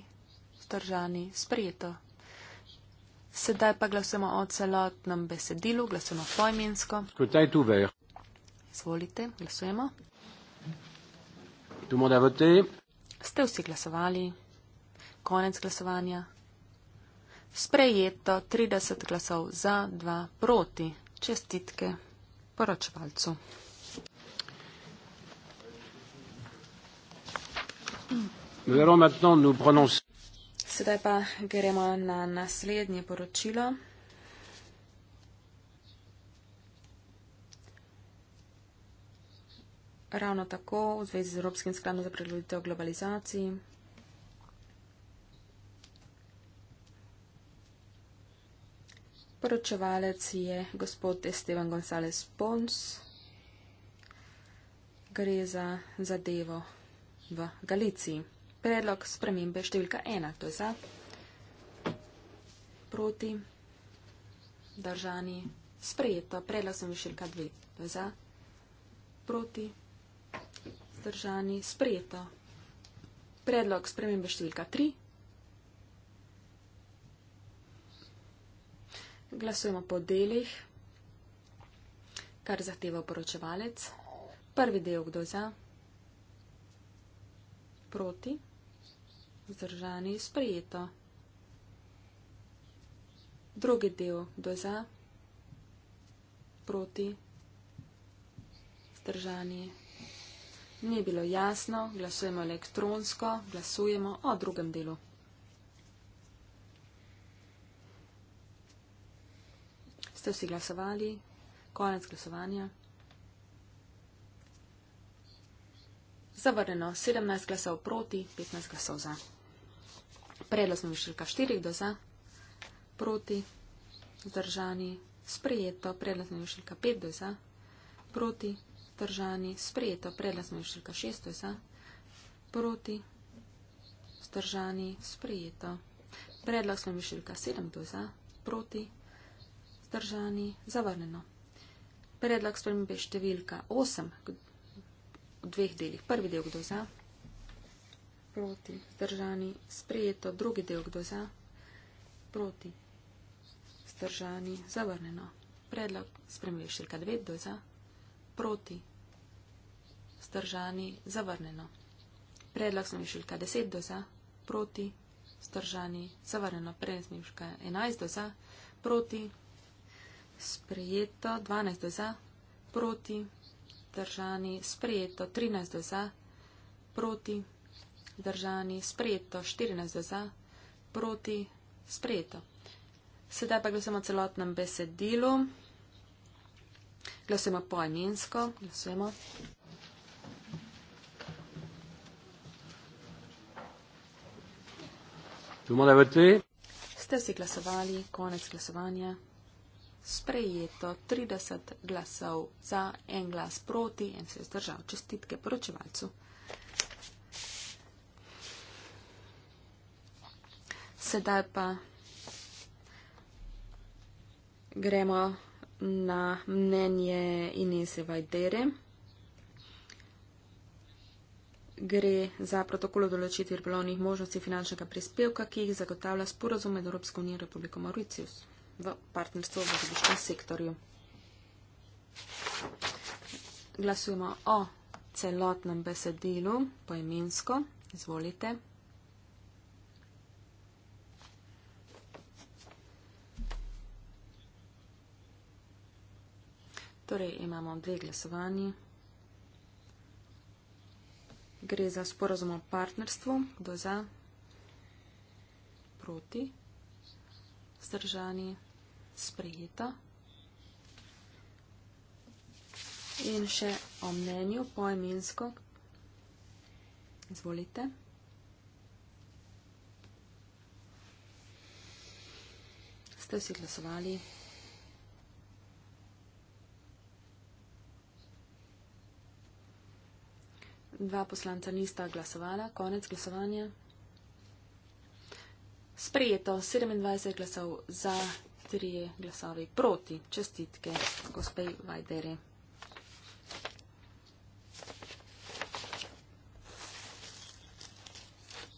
vzdržani, sprejeto. Sedaj pa glasujemo o celotnem besedilu, glasujemo poimensko. Skrtaj tu vejo. Izvolite, glasujemo. Tu moda vete. Ste vsi glasovali? Konec glasovanja. Sprejeto 30 glasov za, 2 proti. Čestitke poročevalcu. Nous allons maintenant nous prononcer. Sedaj pa gremo na naslednje poročilo. Ravno tako v zvezi z Evropskim skladom za predloditev globalizaciji. Poročevalec je gospod Esteban González Pons. Gre za zadevo v Galiciji. Predlog spremembe številka ena, to je za, proti, držani, sprejeto. Predlog spremembe številka dve, to je za, proti, držani, sprejeto. Predlog spremembe številka tri. Glasujemo po delih, kar zahteva poročevalec. Prvi del, kdo za? Proti vzdržani sprejeto. Drugi del do za, proti, vzdržani. Ni bilo jasno, glasujemo elektronsko, glasujemo o drugem delu. Ste vsi glasovali, konec glasovanja. Zavrneno 17 glasov proti, 15 glasov za predlog smo višili ka 40, proti, zdržani, sprejeto, predlog smo višili ka 50, proti, zdržani, sprejeto, predlog smo višili ka 60, proti, zdržani, sprejeto, predlog smo višili ka 70, proti, zdržani, zavrneno. Predlog spremembe številka 8 v dveh delih. Prvi del kdo za? proti, vzdržani, sprejeto, drugi del, kdo za, proti, vzdržani, zavrneno, predlog, spremljiv številka 2, kdo za, proti, vzdržani, zavrneno, predlog, spremljiv številka 10, kdo za, proti, vzdržani, zavrneno, predlog, spremljiv številka 11, kdo za, proti, sprejeto, 12, kdo za, proti, vzdržani, sprejeto, 13, kdo za, proti, vzdržani, vzdržani, sprejeto 14 za, proti sprejeto. Sedaj pa glasujemo o celotnem besedilu. Glasujemo poimensko. Glasujemo. Ste si glasovali, konec glasovanja. Sprejeto 30 glasov za, en glas proti, en se je zdržal. Čestitke poročevalcu. sedaj pa gremo na mnenje Inese Vajdere. Gre za protokol o določitvi ribolovnih možnosti finančnega prispevka, ki jih zagotavlja sporozum med Evropsko unijo in Republiko Mauricius v partnerstvu v ribiškem sektorju. Glasujemo o celotnem besedilu poimensko. Izvolite. Torej imamo dve glasovanji. Gre za sporozum o partnerstvu, kdo za, proti, zdržani, sprejeta. In še o mnenju, poimensko. Izvolite. Ste si glasovali? dva poslanca nista glasovala, konec glasovanja. Sprejeto 27 glasov za, 3 glasovi proti. Čestitke, gospej Vajderi.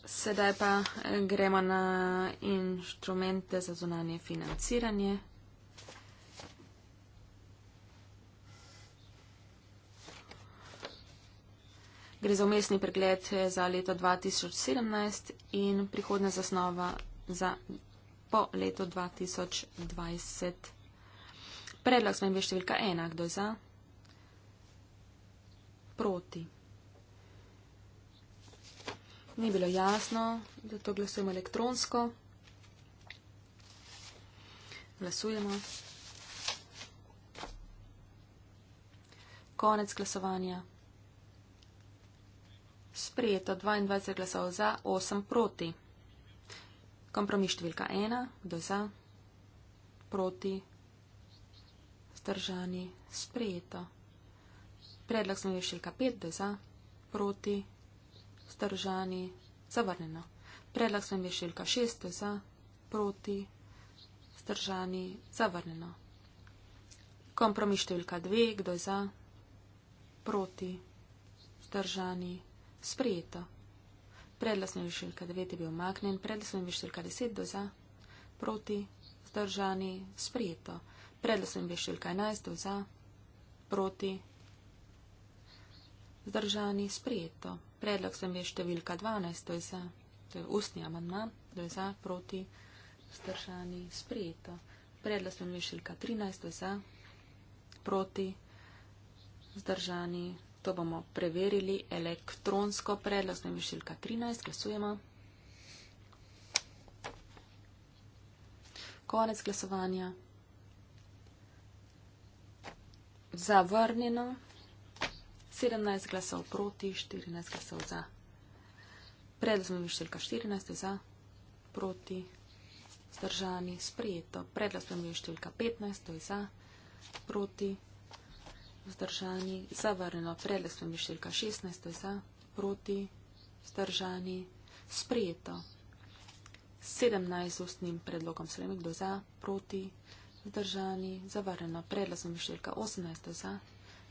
Sedaj pa eh, gremo na inštrumente za zunanje financiranje. Gre za umestni pregled eh, za leto 2017 in prihodna zasnova za po leto 2020. Predlog smo imeli številka ena. Kdo je za? Proti. Ni bilo jasno, da to glasujemo elektronsko. Glasujemo. Konec glasovanja sprejeto 22 glasov za, 8 proti. Kompromis številka 1, kdo za, proti, zdržani, sprejeto. Predlog smo imeli številka 5, kdo za, proti, zdržani, zavrnjeno. Predlog smo imeli številka 6, kdo za, proti, zdržani, zavrnjeno. Kompromis številka 2, kdo za, proti, zdržani, zavrnjeno. Sprejeto. Predlasnjo višeljka 9 je bil omaknen, predlasnjo višeljka 10 do za, proti, zdržani, sprejeto. Predlasnjo višeljka 11 do za, proti, zdržani, sprejeto. Predlog sem veš številka 12, to je za, to je ustni amandma, to je za, proti, zdržani, sprejeto. Predlog sem veš številka 13, to je za, proti, zdržani, sprejeto. To bomo preverili elektronsko. Predlog znam višilka 13. Glasujemo. Konec glasovanja. Zavrnjeno. 17 glasov proti, 14 glasov za. Predlog znam višilka 14. Za, proti, zdržani, sprijeto. Predlog znam višilka 15. To je za, proti, zdržani vzdržani, zavrnjeno predlog smo mišljelka 16, to je za, proti, vzdržani, sprejeto. 17 ustnim predlogom sprejeme, kdo za, proti, vzdržani, zavrnjeno predlog smo mišljelka 18, to je za,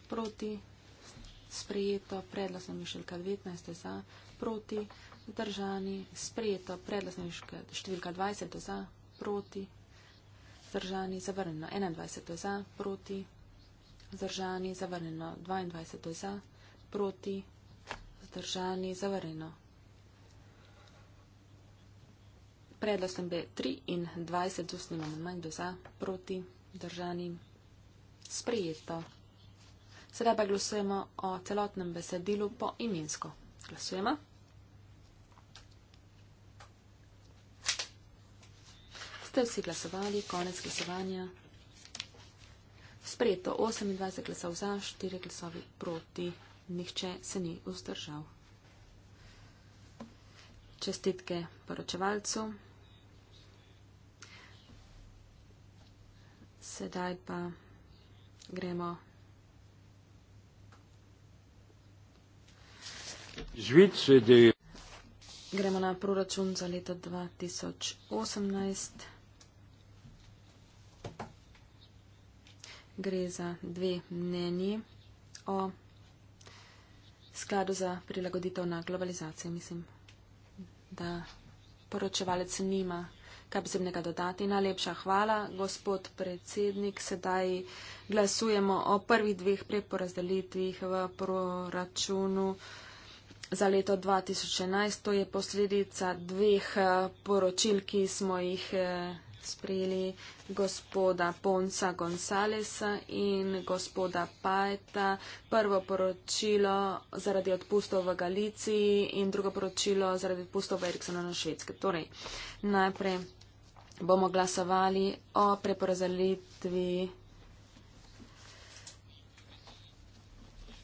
proti, sprejeto, predlog smo mišljelka 19, to je za, proti, vzdržani, sprejeto, predlog smo mišljelka 24, 20, to je za, proti, vzdržani, zavrnjeno 21, to je za, proti, vzdržani, Zdržani, zavrnjeno. 22 za, proti, zdržani, zavrnjeno. Predlog sem bil 23 z ustnim amandmanjem do za, proti, zdržani, sprejeto. Sedaj pa glasujemo o celotnem besedilu po imensko. Glasujemo. Ste vsi glasovali, konec glasovanja. Sprejeto 28 glasov za, 4 glasovi proti. Nihče se ni vzdržal. Čestitke poročevalcu. Sedaj pa gremo. Žvicede. Gremo na proračun za leto 2018. gre za dve mnenji o skladu za prilagoditev na globalizacijo. Mislim, da poročevalec nima kaj posebnega dodati. Najlepša hvala, gospod predsednik. Sedaj glasujemo o prvih dveh preporazdelitvih v proračunu. Za leto 2011 to je posledica dveh eh, poročil, ki smo jih. Eh, sprejeli gospoda Ponca Gonzalesa in gospoda Pajta. Prvo poročilo zaradi odpustov v Galiciji in drugo poročilo zaradi odpustov v Eriksonu na Švedske. Torej, najprej bomo glasovali o preporazalitvi.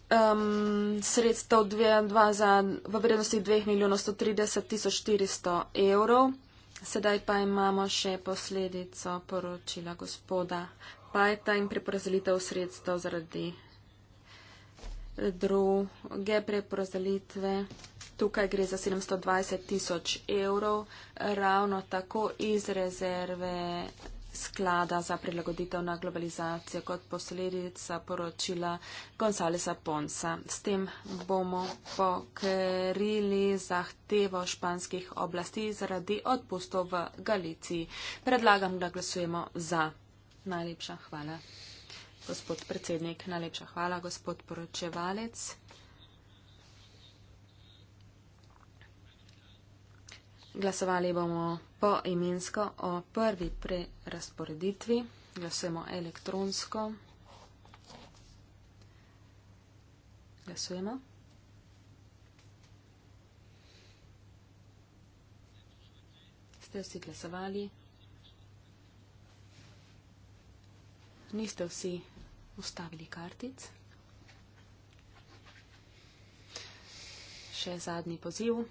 Um, sredstev dve, za, v vrednosti 2 milijonov 130 tisoč 400 evrov. Sedaj pa imamo še posledico poročila gospoda Pajta in preporazdelitev sredstev zaradi druge preporazdelitve. Tukaj gre za 720 tisoč evrov, ravno tako iz rezerve sklada za prilagoditev na globalizacijo kot posledica poročila Gonzalesa Ponsa. S tem bomo pokrili zahtevo španskih oblasti zaradi odpustov v Galiciji. Predlagam, da glasujemo za. Najlepša hvala, gospod predsednik. Najlepša hvala, gospod poročevalec. Glasovali bomo po imensko o prvi prerasporeditvi. Glasujemo elektronsko. Glasujemo. Ste vsi glasovali? Niste vsi ustavili kartic? Še zadnji poziv.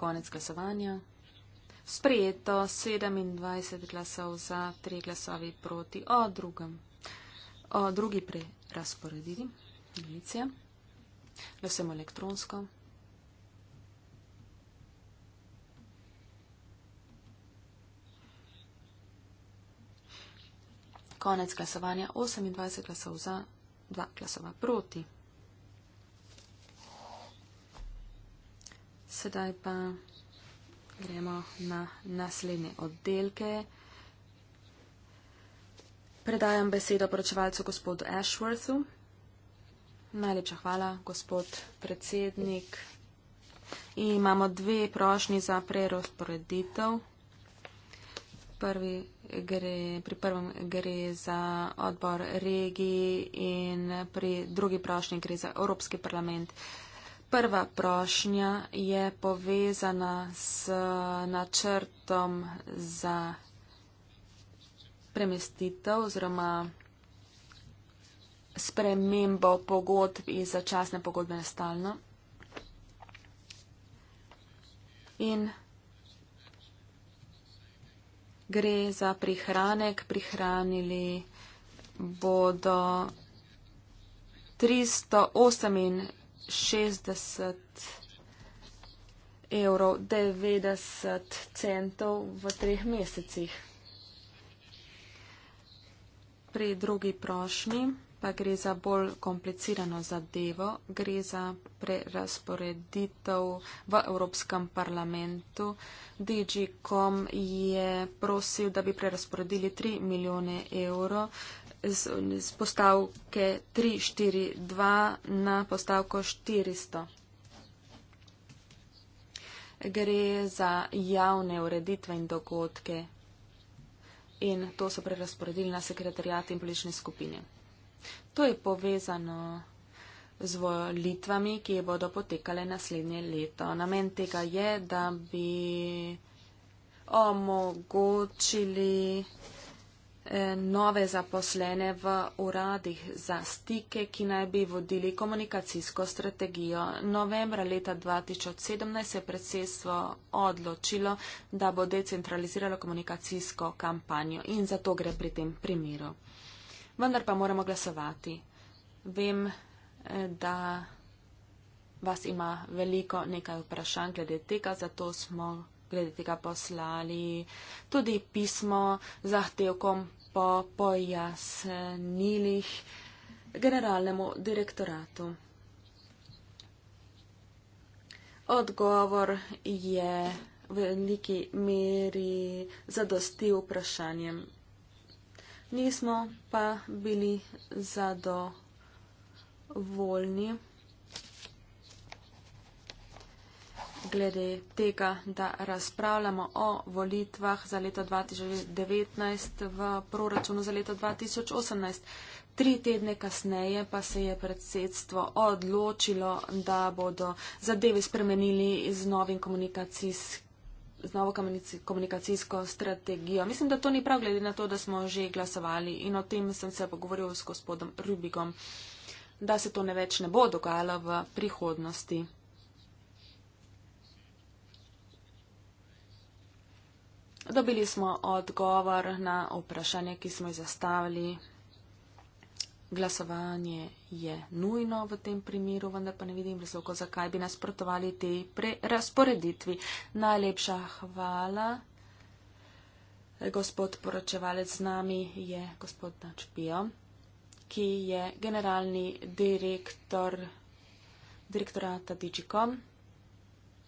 konec glasovanja. Sprijeto 27 glasov za, 3 glasovi proti, o drugem. O drugi prerasporedili. Milicija. Glasujemo elektronsko. Konec glasovanja 28 glasov za, 2 glasova proti. Sedaj pa gremo na naslednje oddelke. Predajam besedo poročevalcu gospodu Ashworthu. Najlepša hvala, gospod predsednik. In imamo dve prošnji za prerozporeditev. Prvi gre, pri prvem gre za odbor regiji in pri drugi prošnji gre za Evropski parlament. Prva prošnja je povezana s načrtom za premestitev oziroma spremembo pogodb iz začasne pogodbe na stalno. In gre za prihranek, prihranili bodo 380. 60 evrov 90 centov v treh mesecih. Pri drugi prošnji pa gre za bolj komplicirano zadevo, gre za prerasporeditev v Evropskem parlamentu. DigiCom je prosil, da bi prerasporedili 3 milijone evrov z, z postavke 342 na postavko 400. Gre za javne ureditve in dogodke in to so prerasporedili na sekretarijat in politične skupine. To je povezano z volitvami, ki bodo potekale naslednje leto. Namen tega je, da bi omogočili Eh, nove zaposlene v uradih za stike, ki naj bi vodili komunikacijsko strategijo. Novembra leta 2017 je predsedstvo odločilo, da bo decentraliziralo komunikacijsko kampanjo in zato gre pri tem primeru. Vendar pa moramo glasovati. Vem, eh, da vas ima veliko nekaj vprašanj glede tega, zato smo glede tega poslali tudi pismo zahtevkom po pojasnilih generalnemu direktoratu. Odgovor je v veliki meri zadosti vprašanjem. Nismo pa bili zadovoljni. glede tega, da razpravljamo o volitvah za leto 2019 v proračunu za leto 2018. Tri tedne kasneje pa se je predsedstvo odločilo, da bodo zadeve spremenili z, z novo komunikacijsko strategijo. Mislim, da to ni prav, glede na to, da smo že glasovali in o tem sem se pogovoril s gospodom Rubikom, da se to ne več ne bo dogajalo v prihodnosti. Dobili smo odgovor na vprašanje, ki smo jih zastavili. Glasovanje je nujno v tem primeru, vendar pa ne vidim razloga, zakaj bi nasprotovali tej prerasporeditvi. Najlepša hvala. Gospod poročevalec z nami je gospod Načpijo, ki je generalni direktor direktorata Digicom.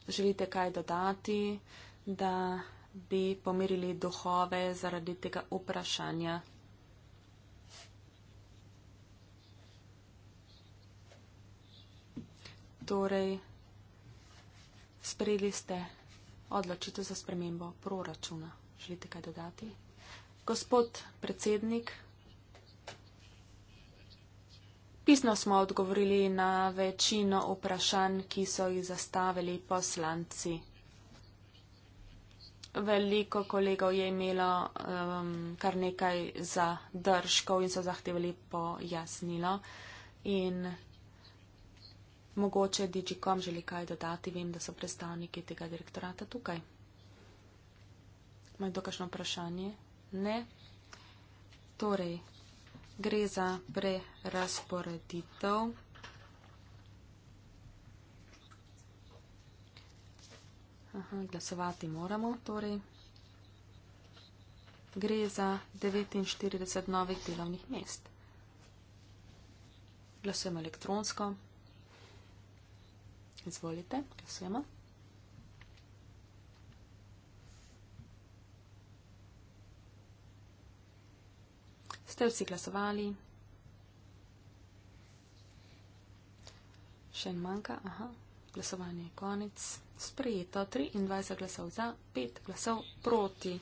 Želite kaj dodati? Da bi pomirili duhove zaradi tega vprašanja. Torej, sprejeli ste odločitev za spremembo proračuna. Želite kaj dodati? Gospod predsednik, pisno smo odgovorili na večino vprašanj, ki so jih zastavili poslanci veliko kolegov je imelo um, kar nekaj zadržkov in so zahtevali pojasnilo. In mogoče Digicom želi kaj dodati, vem, da so predstavniki tega direktorata tukaj. Imajo dokašno vprašanje? Ne. Torej, gre za prerasporeditev. Aha, glasovati moramo, torej gre za 49 novih delovnih mest. Glasujemo elektronsko. Izvolite, glasujemo. Ste vsi glasovali? Še en manjka, aha glasovanje je konec. Sprejeto 23 glasov za, 5 glasov proti.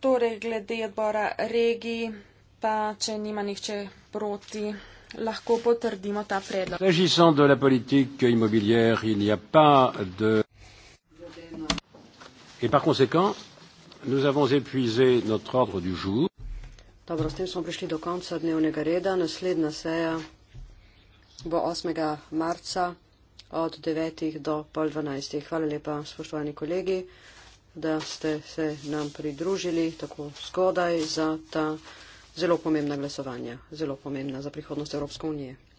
Torej, glede odbora regij, pa če nima nihče proti, lahko potrdimo ta predlog. Et par conséquent, nous avons épuisé notre ordre du jour. Dobro, s tem smo prišli do konca dnevnega reda. Naslednja seja bo 8. marca od 9. do pol 12. Hvala lepa, spoštovani kolegi, da ste se nam pridružili tako zgodaj za ta zelo pomembna glasovanja, zelo pomembna za prihodnost Evropske unije.